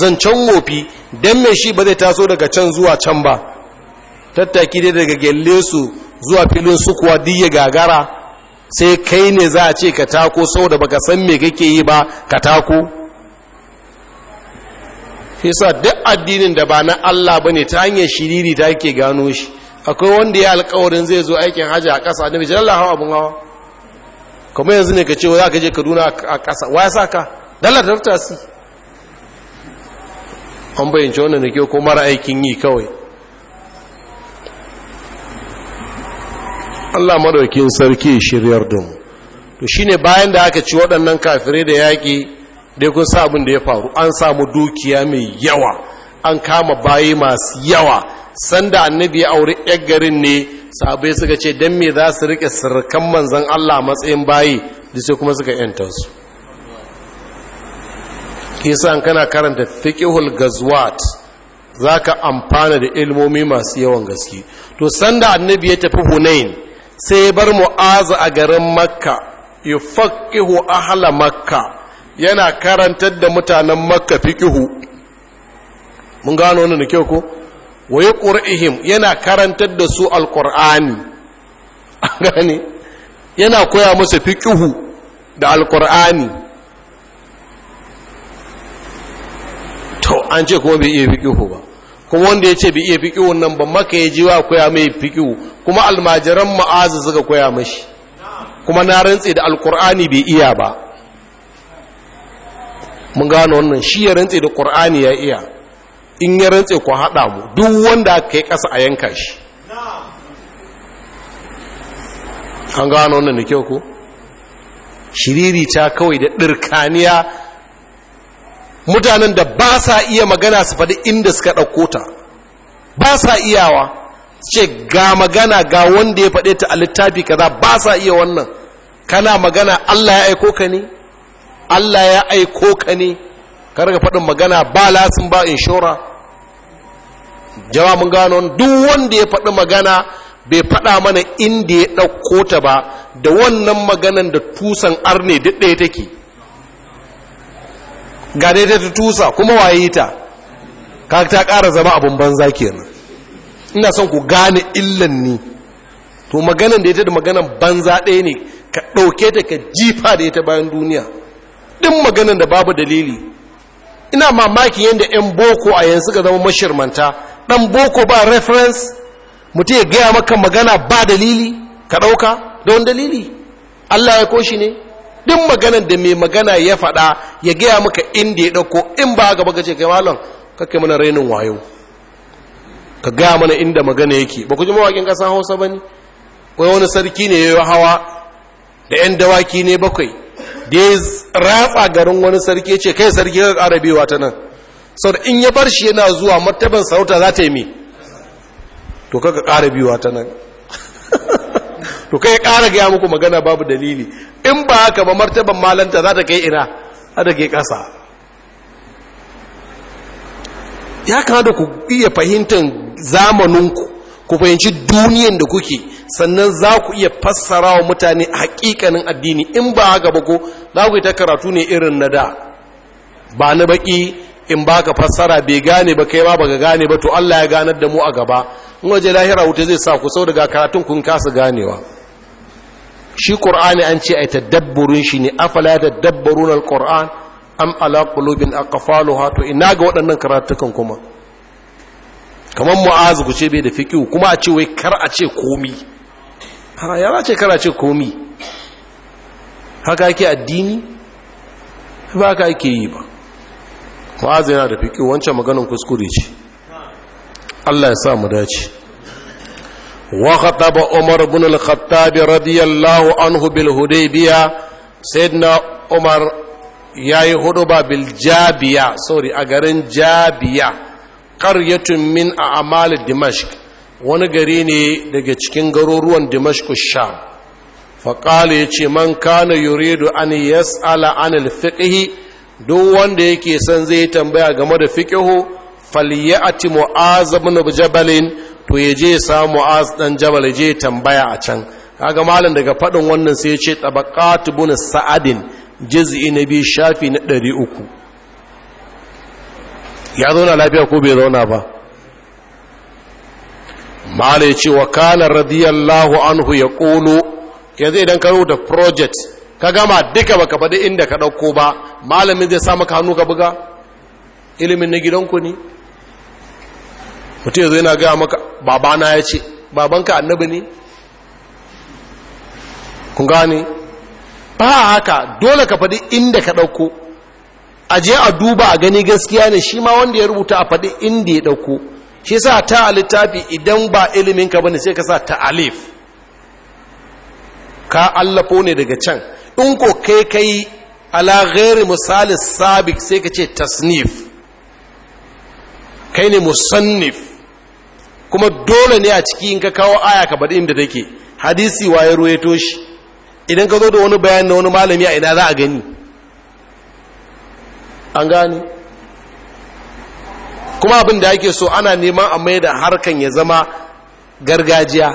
Speaker 1: zancen wofi don mai shi ba zai taso daga can zuwa can ba tattaki dai daga gyalle su zuwa filin sukuwa ya gagara sai kai ne za a ce ka tako saboda baka san me kake yi ba ka tako sa duk addinin da ba na Allah ba ne ta hanyar shiriri ta ke gano shi akwai wanda ya alkawarin zai zo aikin hajji a ƙasa annabi ce Allah hawa abun hawa kuma yanzu ne ka ce wa za ka je Kaduna a ƙasa wa ya sa ka dalla da tasi an bayyance wannan da ke ko mara aikin yi kawai Allah madaukin sarki shiryar da mu to shine bayan da aka ci waɗannan kafirai da yaƙi dai kun sa abin da ya faru an samu dukiya mai yawa an kama bayi masu yawa sanda annabi ya auri yar garin ne sahabbai suka ce dan me za su rike sirkan manzon Allah matsayin bayi da sai kuma suka yanta su kisa an kana karanta fiqhul gazwat zaka amfana da ilmomi masu yawan gaske to sanda annabi ya tafi hunain sai ya bar mu'aza a garin makka yufaqihu ahla makka yana karantar da mutanen makka fiqhu mun gano wannan da kyau ko wa ƙur'ihim yana karantar da su alƙur'ani gane yana koya musu fiƙihu da alƙur'ani to an ce kuma bai iya fiƙihu ba kuma wanda ya ce bai iya fiƙihu nan ba maka ya jiwa koya mai fiƙihu kuma almajiran ma'azu suka koya mashi kuma na rantse da alƙur'ani bai iya ba mun gano wannan shi ya rantse da ƙur'ani ya iya in ya rantse ku haɗa mu duk wanda aka yi ƙasa a yanka shi an gano wannan da kyau ko shiriri ta kawai da ɗirkaniya mutanen da ba sa iya magana su faɗi inda suka ɗauko ta ba sa iyawa ce ga magana ga wanda ya faɗe ta a littafi kaza ba sa iya wannan kana magana allah ya aiko ka ne allah ya aiko ka ne faɗin magana ba lasin ba inshora jawa mun gano duk wanda ya faɗi magana bai faɗa mana inda ya ɗauko ta ba da wannan maganan da tusan arne duk ɗaya take ga dai ta tusa kuma waye ta ka ta ƙara zama abin banza kenan ina son ku gane illan ni to maganan da ya da maganan banza ɗaya ne ka ɗauke ta ka jifa da ya ta bayan duniya ɗin maganan da babu dalili ina mamaki yadda 'yan boko a yanzu ga zama mashirmanta ɗan boko ba reference mutum ya gaya maka magana ba dalili ka ɗauka don dalili allah ya koshi ne ɗin maganan da mai magana ya faɗa ya gaya maka inda ya ɗauko in ba gaba gace kai malam kake mana rainin wayo ka gaya mana inda magana yake ba ku ji mawaƙin ƙasa hausa ba ne wai wani sarki ne ya yi hawa da 'yan dawaki ne bakwai da ya ratsa garin wani sarki ce kai sarki ka ƙara biyowa ta nan sau da in ya bar shi yana zuwa martaban sarauta za ta yi mi to kaka ƙara biyuwa ta nan to kai ƙara gaya muku magana babu dalili in ba haka ba martaban malanta za ta kai ina za da ke ƙasa ya da ku iya fahimtar zamaninku ku fahimci duniyan da kuke sannan za ku iya fassara wa mutane hakikanin addini in ba haka ba ko za ku yi ta karatu ne irin na da ba na baki in ba ka fassara bai gane ba kai ba ba ka gane ba to Allah ya ganar da mu a gaba in waje lahira wuta zai sa ku sau daga karatun kun kasa ganewa shi qur'ani an ce ai tadabburin shi ne afala tadabburun alquran am ala qulubin aqfaluha to ina ga waɗannan karatukan kuma kamar mu'azu ku ce bai da fikihu kuma a ce wai kar a ce komi ha yara ce kar a ce komi haka ake addini ba haka ake yi ba mu'azu yana da fikihu wancan maganin kuskure ce Allah ya sa mu dace wa khataba Umar ibn al-Khattab radiyallahu anhu bil Hudaybiya sayyidina Umar yayi huduba bil Jabiya sorry a garin Jabiya qaryatun min a amalin dimashq wani gari ne daga cikin garuruwan dimashq sha. faƙali ya ce man kana yuridu an yas'ala an al don duk wanda yake son zai tambaya game da fiqh a ti mu'azabin jabalin to yaje ya samu mu'az ɗan jabal je tambaya a can kaga malam daga faɗin wannan sai ya ce tabaqat sa'adin juz'i na biyu shafi na ɗari uku. ya zauna lafiya ko bai zauna ba malai ce wa kana radiyallahu anhu ya ƙolo yanzu idan ka da project ka gama duka baka faɗi inda ka ɗauko ba malamin zai samu kanu hannu ka buga ilimin na gidanku ne mutum yanzu yana gaya maka babana ya ce babanka annabi ne kun gane ba haka dole ka faɗi inda ka ɗauko a je a duba a gani gaskiya ne shi ma wanda ya rubuta a faɗi inda ya ɗauko shi sa ta littafi idan ba ilimin ka bane sai ka sa ta alif ka allafo ne daga can in ko kai kai ala ghairi misali sabik sai ka ce tasnif kai ne musannif kuma dole ne a ciki in ka kawo aya ka faɗi inda take hadisi waye ruwaito shi idan ka zo da wani bayan na wani malami a ina za a gani an gane kuma abin da ake so ana neman a mai da harkan ya zama gargajiya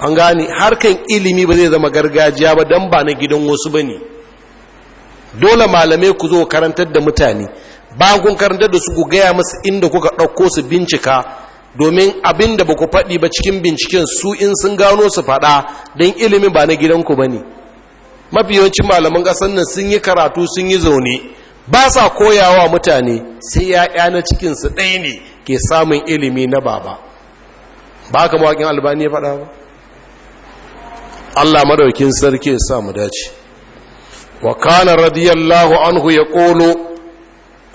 Speaker 1: an gane harkan ilimi ba zai zama gargajiya ba don ba na gidan wasu ba ne dole malamai ku zo karantar da mutane ba kun karantar da su ku gaya masu inda kuka ɗauko su bincika domin abin da ba ku faɗi ba cikin binciken su in sun gano su faɗa don ilimin ba na gidanku ba ne mafi yawancin malaman ƙasar nan sun yi karatu sun yi zaune ba sa koyawa mutane sai ya'ya na cikinsu ɗaya ne ke samun ilimi na baba ba ka mawaƙin albani ya faɗa ba allah maraukin sarki ya sa dace wa kana radiyallahu anhu ya ƙolo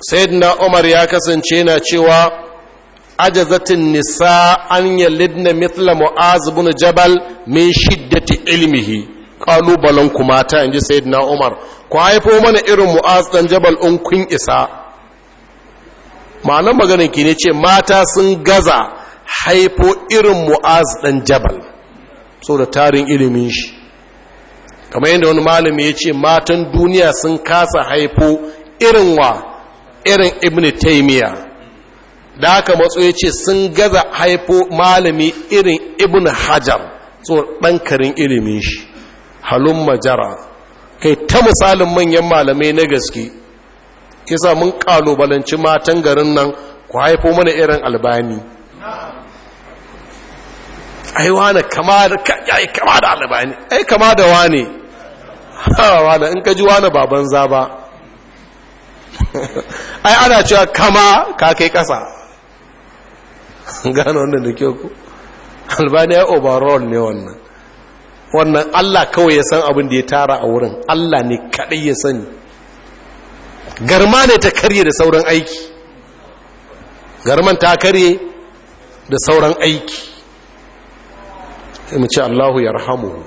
Speaker 1: sayyidina umar ya kasance na cewa ajazatin nisa an yalidna mithla mu'az bin jabal min shiddati ilmihi kalubalen ku mata in ji na Umar ku haifo mana irin Mu'az dan Jabal in kun isa ma'anar maganar ki ne ce mata sun gaza haifo irin Mu'az dan Jabal da tarin ilimin shi kamar yadda wani malami ya ce matan duniya sun kasa haifo irin wa irin ibn taimiyya da aka matso ya ce sun gaza haifo malami irin ibn hajar so ɗankarin ilimin shi halun majara kai ta misalin manyan malamai na gaske kisa mun kalubalanci matan garin nan ku haifo mana irin albani ai wane kama da kama da albani ai kama da wane wane in ka ji wane baban za ba ai ana cewa kama ka kai kasa gano wannan da kyau ku albani ya overall ne wannan wannan Allah kawai ya san abin da ya tara a wurin Allah ne kaɗai ya sani garma ne ta karye da sauran aiki garman ta karye da sauran aiki imci Allahu ya rahamu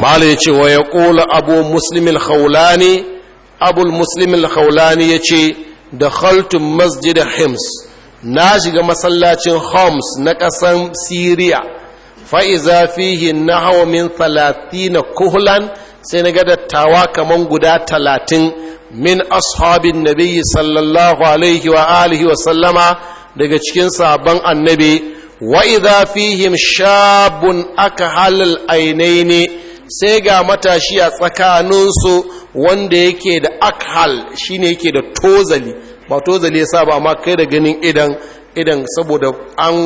Speaker 1: mala ya ce wa ya ƙola abu muslimin haulani abul muslimin haulani ya ce da khaltun masjidar hims na shiga masallacin homs na ƙasan syria fa'iza fihi na hawa min na kuhulan sai na ga dattawa kaman guda talatin min ashabin nabi sallallahu alaihi wa alihi wa sallama daga cikin sabon annabi wa'iza fihim shabun aka halal ainihi sai ga matashi a tsakaninsu wanda yake da akhal shine yake da tozali ba to zale sa ba amma kai da ganin idan idan saboda an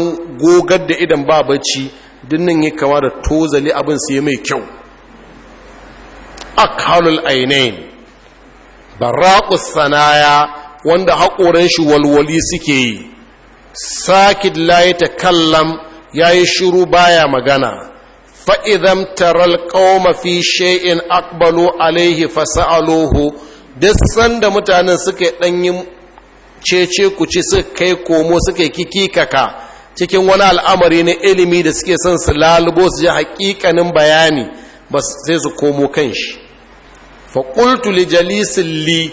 Speaker 1: gogar da idan ba bacci dinnan ya kama da tozali abin sai mai kyau akhalul ainain baraqus sanaya wanda haƙoran shi walwali suke yi sakid la yatakallam yayi shiru baya magana fa idham taral qauma fi shay'in aqbalu alayhi fasaluhu duk sanda mutanen suka danyi cece ku ci suka kai komo suka kikikaka cikin wani al'amari na ilimi da suke son su lalubo su ji hakikanin bayani ba sai su komo kan shi faƙultu li li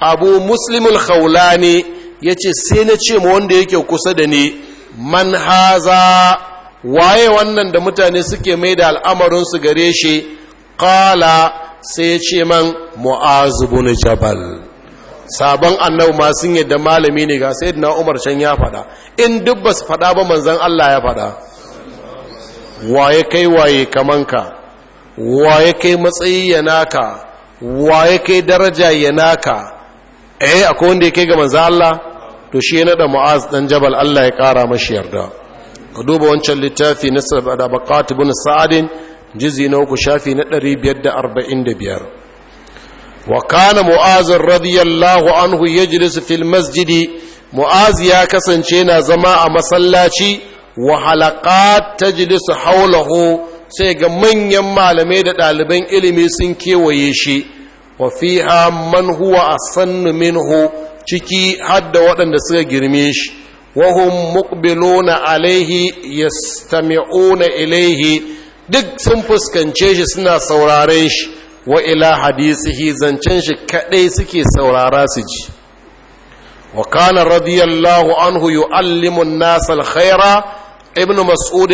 Speaker 1: abu muslimul khawlani ya ce sai na ce ma wanda yake kusa da ni man haza waye wannan da mutane suke mai da al'amarinsu gare shi ƙala sai ya ce man mu'azu jabal sabon annabi ma sun yadda malami ne ga sai na Umar can ya fada in duk ba su fada ba manzan Allah ya fada waye kai waye kaman ka waye kai matsayi ya naka waye kai daraja ya naka eh akwai wanda ya kai ga manzan Allah to shi yana da Mu'az dan Jabal Allah ya kara mashi yarda ka duba wancan littafi na Sabada Baqat ibn Sa'adin jizi na uku shafi na 545 وكان معاذ رضي الله عنه يجلس في المسجد معاذ يا كسنشينا زماء مسلاتي وحلقات تجلس حوله ga manyan malamai da ɗaliban ilimi sun kewaye shi wa fiha man huwa asannu minhu ciki hadda waɗanda suka girme shi wahum na alaihi yastami'una ilaihi duk sun fuskance shi suna sauraren shi wa ila hadisihi zancen shi kadai suke saurara su ji wa kana radiyallahu anhu yu'allimu an-nas al-khaira ibn mas'ud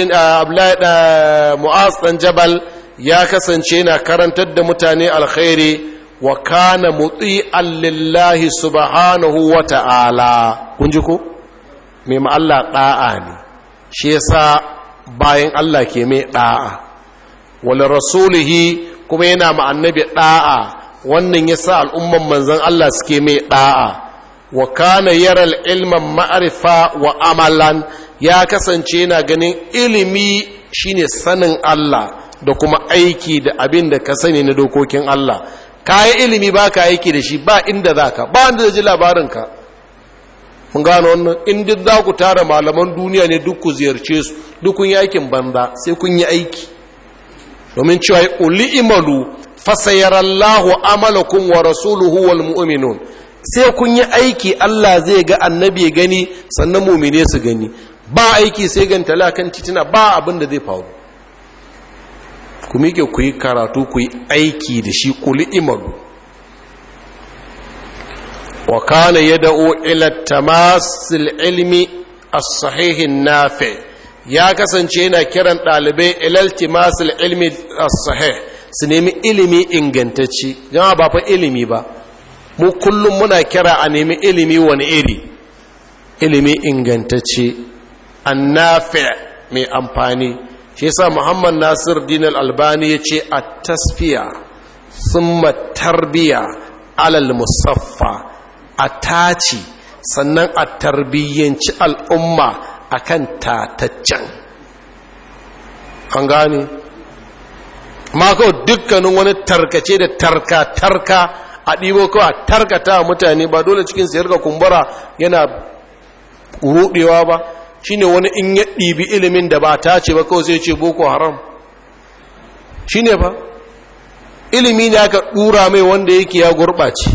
Speaker 1: mu'az dan jabal ya kasance yana karantar da mutane alkhairi wa kana muti'an lillahi subhanahu wa ta'ala kun ji ko mai ma Allah da'a ne shi yasa bayan Allah ke mai da'a wal rasulihi kuma yana ma annabi da'a wannan sa al'umman manzon Allah suke mai ɗa'a. wa kana yara ilman ma'arifa wa amalan ya kasance yana ganin ilimi shine sanin Allah da kuma aiki da abin da ka sani na dokokin Allah kayi ilimi ba ka aiki da shi ba inda za ka ba inda ji labarinka mun gano wannan in duk za ku tara malaman duniya ne duk ku ziyarce su duk kun yi aikin banza sai kun yi aiki domin cewa uli imalu fasayarallahu amalakum wa rasuluhu wal mu'minun sai kun yi aiki Allah zai ga annabi gani sannan mu'mine su gani ba aiki sai gan talakan titina ba abin da zai faru ku yake ku yi karatu ku yi aiki da shi kuli imalu wa kana yad'u ila tamasil ilmi as-sahih an-nafi' ya kasance yana kiran ɗalibai ilaltimasul ilmi sahih su nemi ilimi ingantacci jama ba fa ilimi ba mu kullum muna kira a nemi ilimi wani iri ilimi ingantacci annafi mai amfani shi yasa muhammad nasir dinar albani ya ce a tasfiya summa tarbiya alal musaffa a taci sannan a tarbiyyanci al'umma akan tataccen an gane ma dukkanin wani tarkace da tarka-tarka a ɗibo a tarkata mutane ba dole cikin sayar ga kumbura yana rudewa ba Shi ne wani in ya ɗibi ilimin da ba ta ce ba kawai sai ce boko haram Shi ne ba ilimi ne aka ɗura mai wanda yake ya gurɓace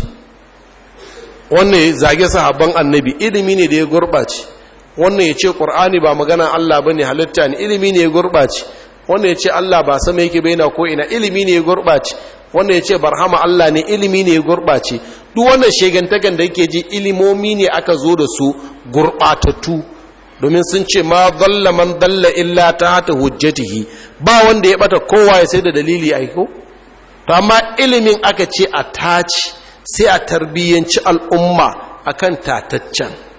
Speaker 1: wannan zage sahabban annabi ilimi ne da ya gurɓace wannan ya ce ƙur'ani ba magana Allah ba ne halitta ne ilimi ne ya gurɓace wannan ya ce Allah ba sama yake bai na ko ina ilimi ne ya gurɓace wannan ya ce barhama Allah ne ilimi ne ya duk wannan shegantakan da yake ji ilimomi ne aka zo da su gurɓatattu domin sun ce ma dalla man dalla illa ta hata hujjatihi ba wanda ya bata kowa ya sai da dalili aiko to amma ilimin aka ce a taci sai a tarbiyyanci al'umma akan tataccen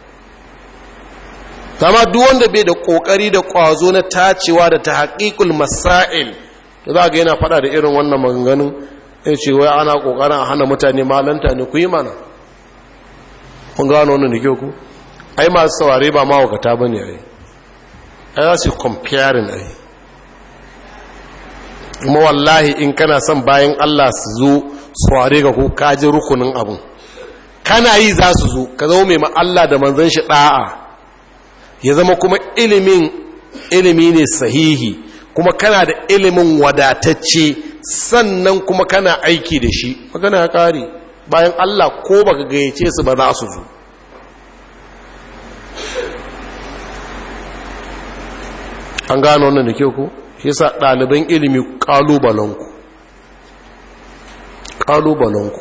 Speaker 1: kama duk wanda bai da kokari da kwazo na tacewa da tahqiqul masail to za ga yana fada da irin wannan maganganun sai ce wai ana kokarin a hana mutane malanta ne ku yi mana kun gano wannan da kyau ku ai ma saurare ba ma ba ne ai ai za su ne ai kuma wallahi in kana son bayan allah su zo saurare ga ku kaji rukunin abu. kana yi za su zo ka zo mai Allah da manzon shi ɗa'a ya zama kuma ilimin ilimi ne sahihi kuma kana da ilimin wadatacce sannan kuma kana aiki da shi magana ya kare bayan allah ko baka gayyace su ba za su zo an gano wannan da ke ku sa ɗaliban ilimi ƙalubalenku ƙalubalenku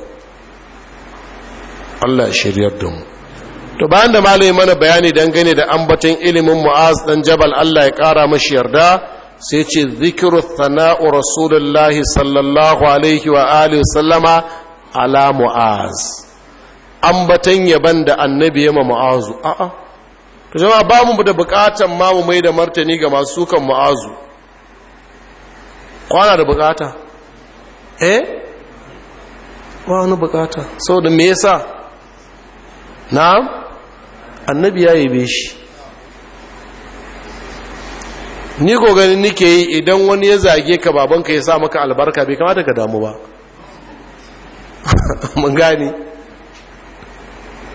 Speaker 1: allah shiryar da mu to bayan da malami mana bayani dangane da ambaton ilimin mu'az dan jabal Allah ya kara mashi yarda sai ce zikiru thana'u rasulullahi sallallahu alaihi wa alihi sallama ala mu'az ambaton yaban da annabi ya ma mu'azu a'a to jama'a ba mu da bukatan ma mu mai da martani ga masu kan mu'azu kwana da bukata eh wani bukata saboda me yasa na'am annabi ya yi shi ni ganin nike yi idan wani ya zage ka babanka ya sa maka albarka bai kamata ka damu ba mun gane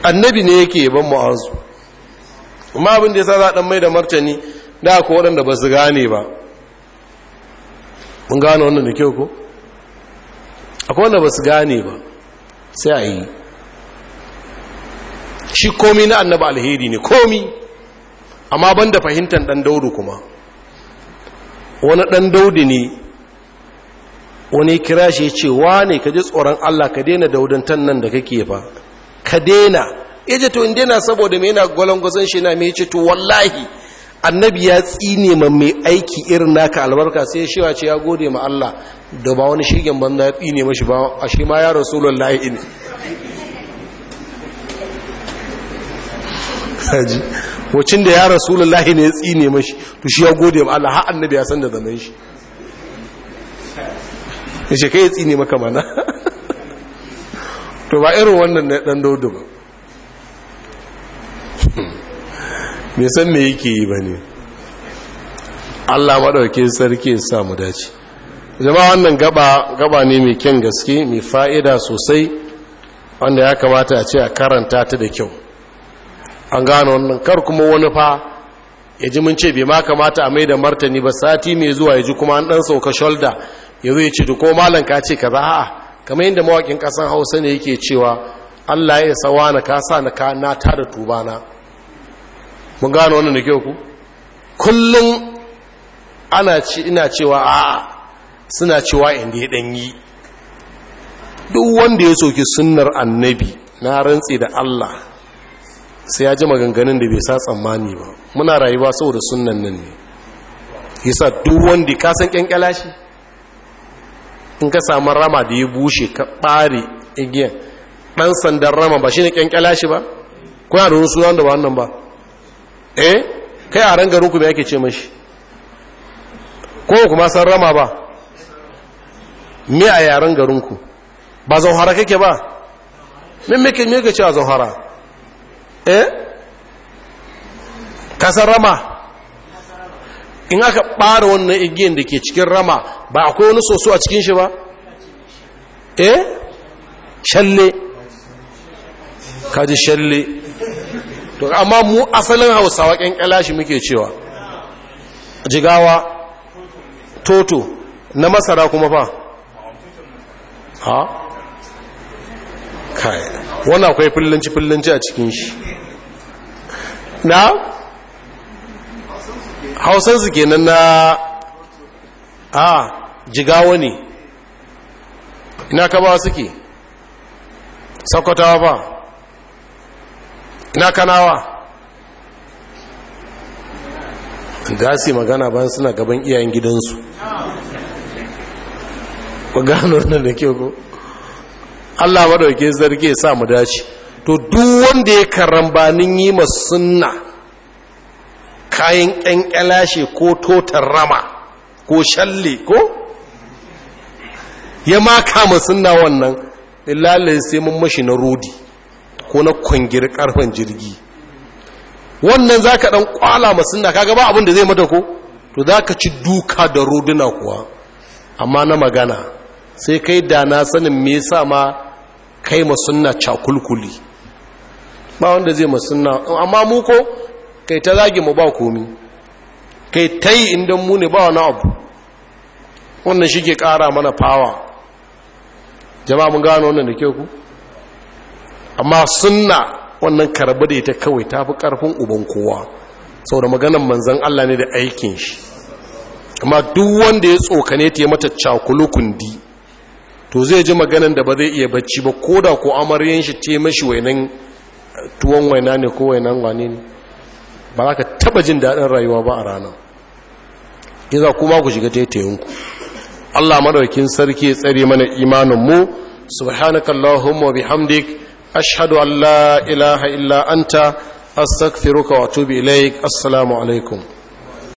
Speaker 1: annabi ne yake yaban mu'azu kuma abin da ya sa za dan mai da martani da ko waɗanda ba su gane ba mun gane wannan da kyau ko akwai wanda ba su gane ba sai a yi shi komi na annaba alheri ne komi amma banda fahimtar dan daudu kuma wani dan daudu ne wani kira shi ce wane ka ji tsoron Allah ka daina daudantan nan da kake fa ka daina yace to inda na saboda me yana gwalangwazon shi na me ce to wallahi annabi ya tsine ma mai aiki irin naka albarka sai shi wace ya gode ma Allah da ba wani shigen banza ya tsine mashi ba a shi ma ya rasulullahi ne ji wacin da ya rasulullahi ne ya tsine mashi to shi ya gode ma Allah har annabi ya san da zaman shi yace kai ya tsine maka mana to ba irin wannan ne dan dodo ba me san me yake yi bane Allah madauke sarki ya sa mu dace jama'a wannan gaba gaba ne mai kyan gaske mai fa'ida sosai wanda ya kamata a ce a karanta ta da kyau an gano wannan kar kuma wani fa ya ji mun ce bai ma kamata a mai da martani ba sati mai zuwa ya ji kuma an dan sauka shoulder ya zo ya ce ko malam ka ce kaza a'a kamar yadda mawakin kasan hausa ne yake cewa allah ya sawa na ka sa na ka na ta da tubana mun gano wannan da kyau ku kullum ana ce ina cewa a'a suna cewa inda ya danyi duk wanda ya soki sunnar annabi na rantsi da allah sai ya ji maganganun da bai sa tsammani ba muna rayuwa saboda sunan nan ne yasa duk wanda ka san kyankyala shi in ka samu rama da ya bushe ka bare igiyan dan sandan rama ba shine kyankyala shi ba ko ya da wani sunan da ba wannan ba eh kai a ran garin ku me yake ce mashi ko kuma san rama ba me a yaren garin ku ba zauhara kake ba Me me ke ce a cewa zauhara eh kasar rama in aka ɓara wannan igiyan da ke cikin rama ba akwai wani soso a cikin shi ba eh shalle kaji shalle to amma mu asalin hausawa ƙyanƙyala shi muke cewa jigawa toto na masara kuma fa ha kai wannan akwai fillanci-fillanci a cikin shi na hausansu kenan na a jigawa ne ina ka ba suke sakwatawa ba ina kanawa gasi magana ban suna gaban iyayen gidansu ba gano nan da ke ku. Allah madaukakin sarki ya sa mu dace to duk wanda ya karambanin yi sunna kayan ƙyanƙyalashe ko totar rama ko shalle ko ya maka masunna wannan lalai sai mun mashi na rodi ko na kungir karfan jirgi wannan za ka ɗan kwala masunna kaga ba abin da zai mata ko to za ka ci duka da roduna kuwa amma na magana sai kai da na sanin me yasa ma kai masunna cakulkuli ba wanda zai masunna amma mu ko kai ta zagi mu ba komi kai ta yi inda mu ba wani abu wannan shi ke kara mana fawa jama'a mun gano wannan da ke ku amma sunna wannan karbi da ita kawai ta fi karfin uban kowa da maganan manzan Allah ne da aikin shi amma duk wanda ya tsokane ta yi mata cakulukundi to zai ji maganan da ba zai iya bacci ba ko da ko amaryan shi te mashi wainan tuwon waina ne ko wainan wane ne ba za ka taba jin daɗin rayuwa ba a ranar iza kuma ku shiga taitayinku allah madaukin sarki ya tsare mana imaninmu, mu subhanakallahumma wa bihamdik ashhadu an la ilaha illa anta astaghfiruka wa atubu ilaik assalamu alaikum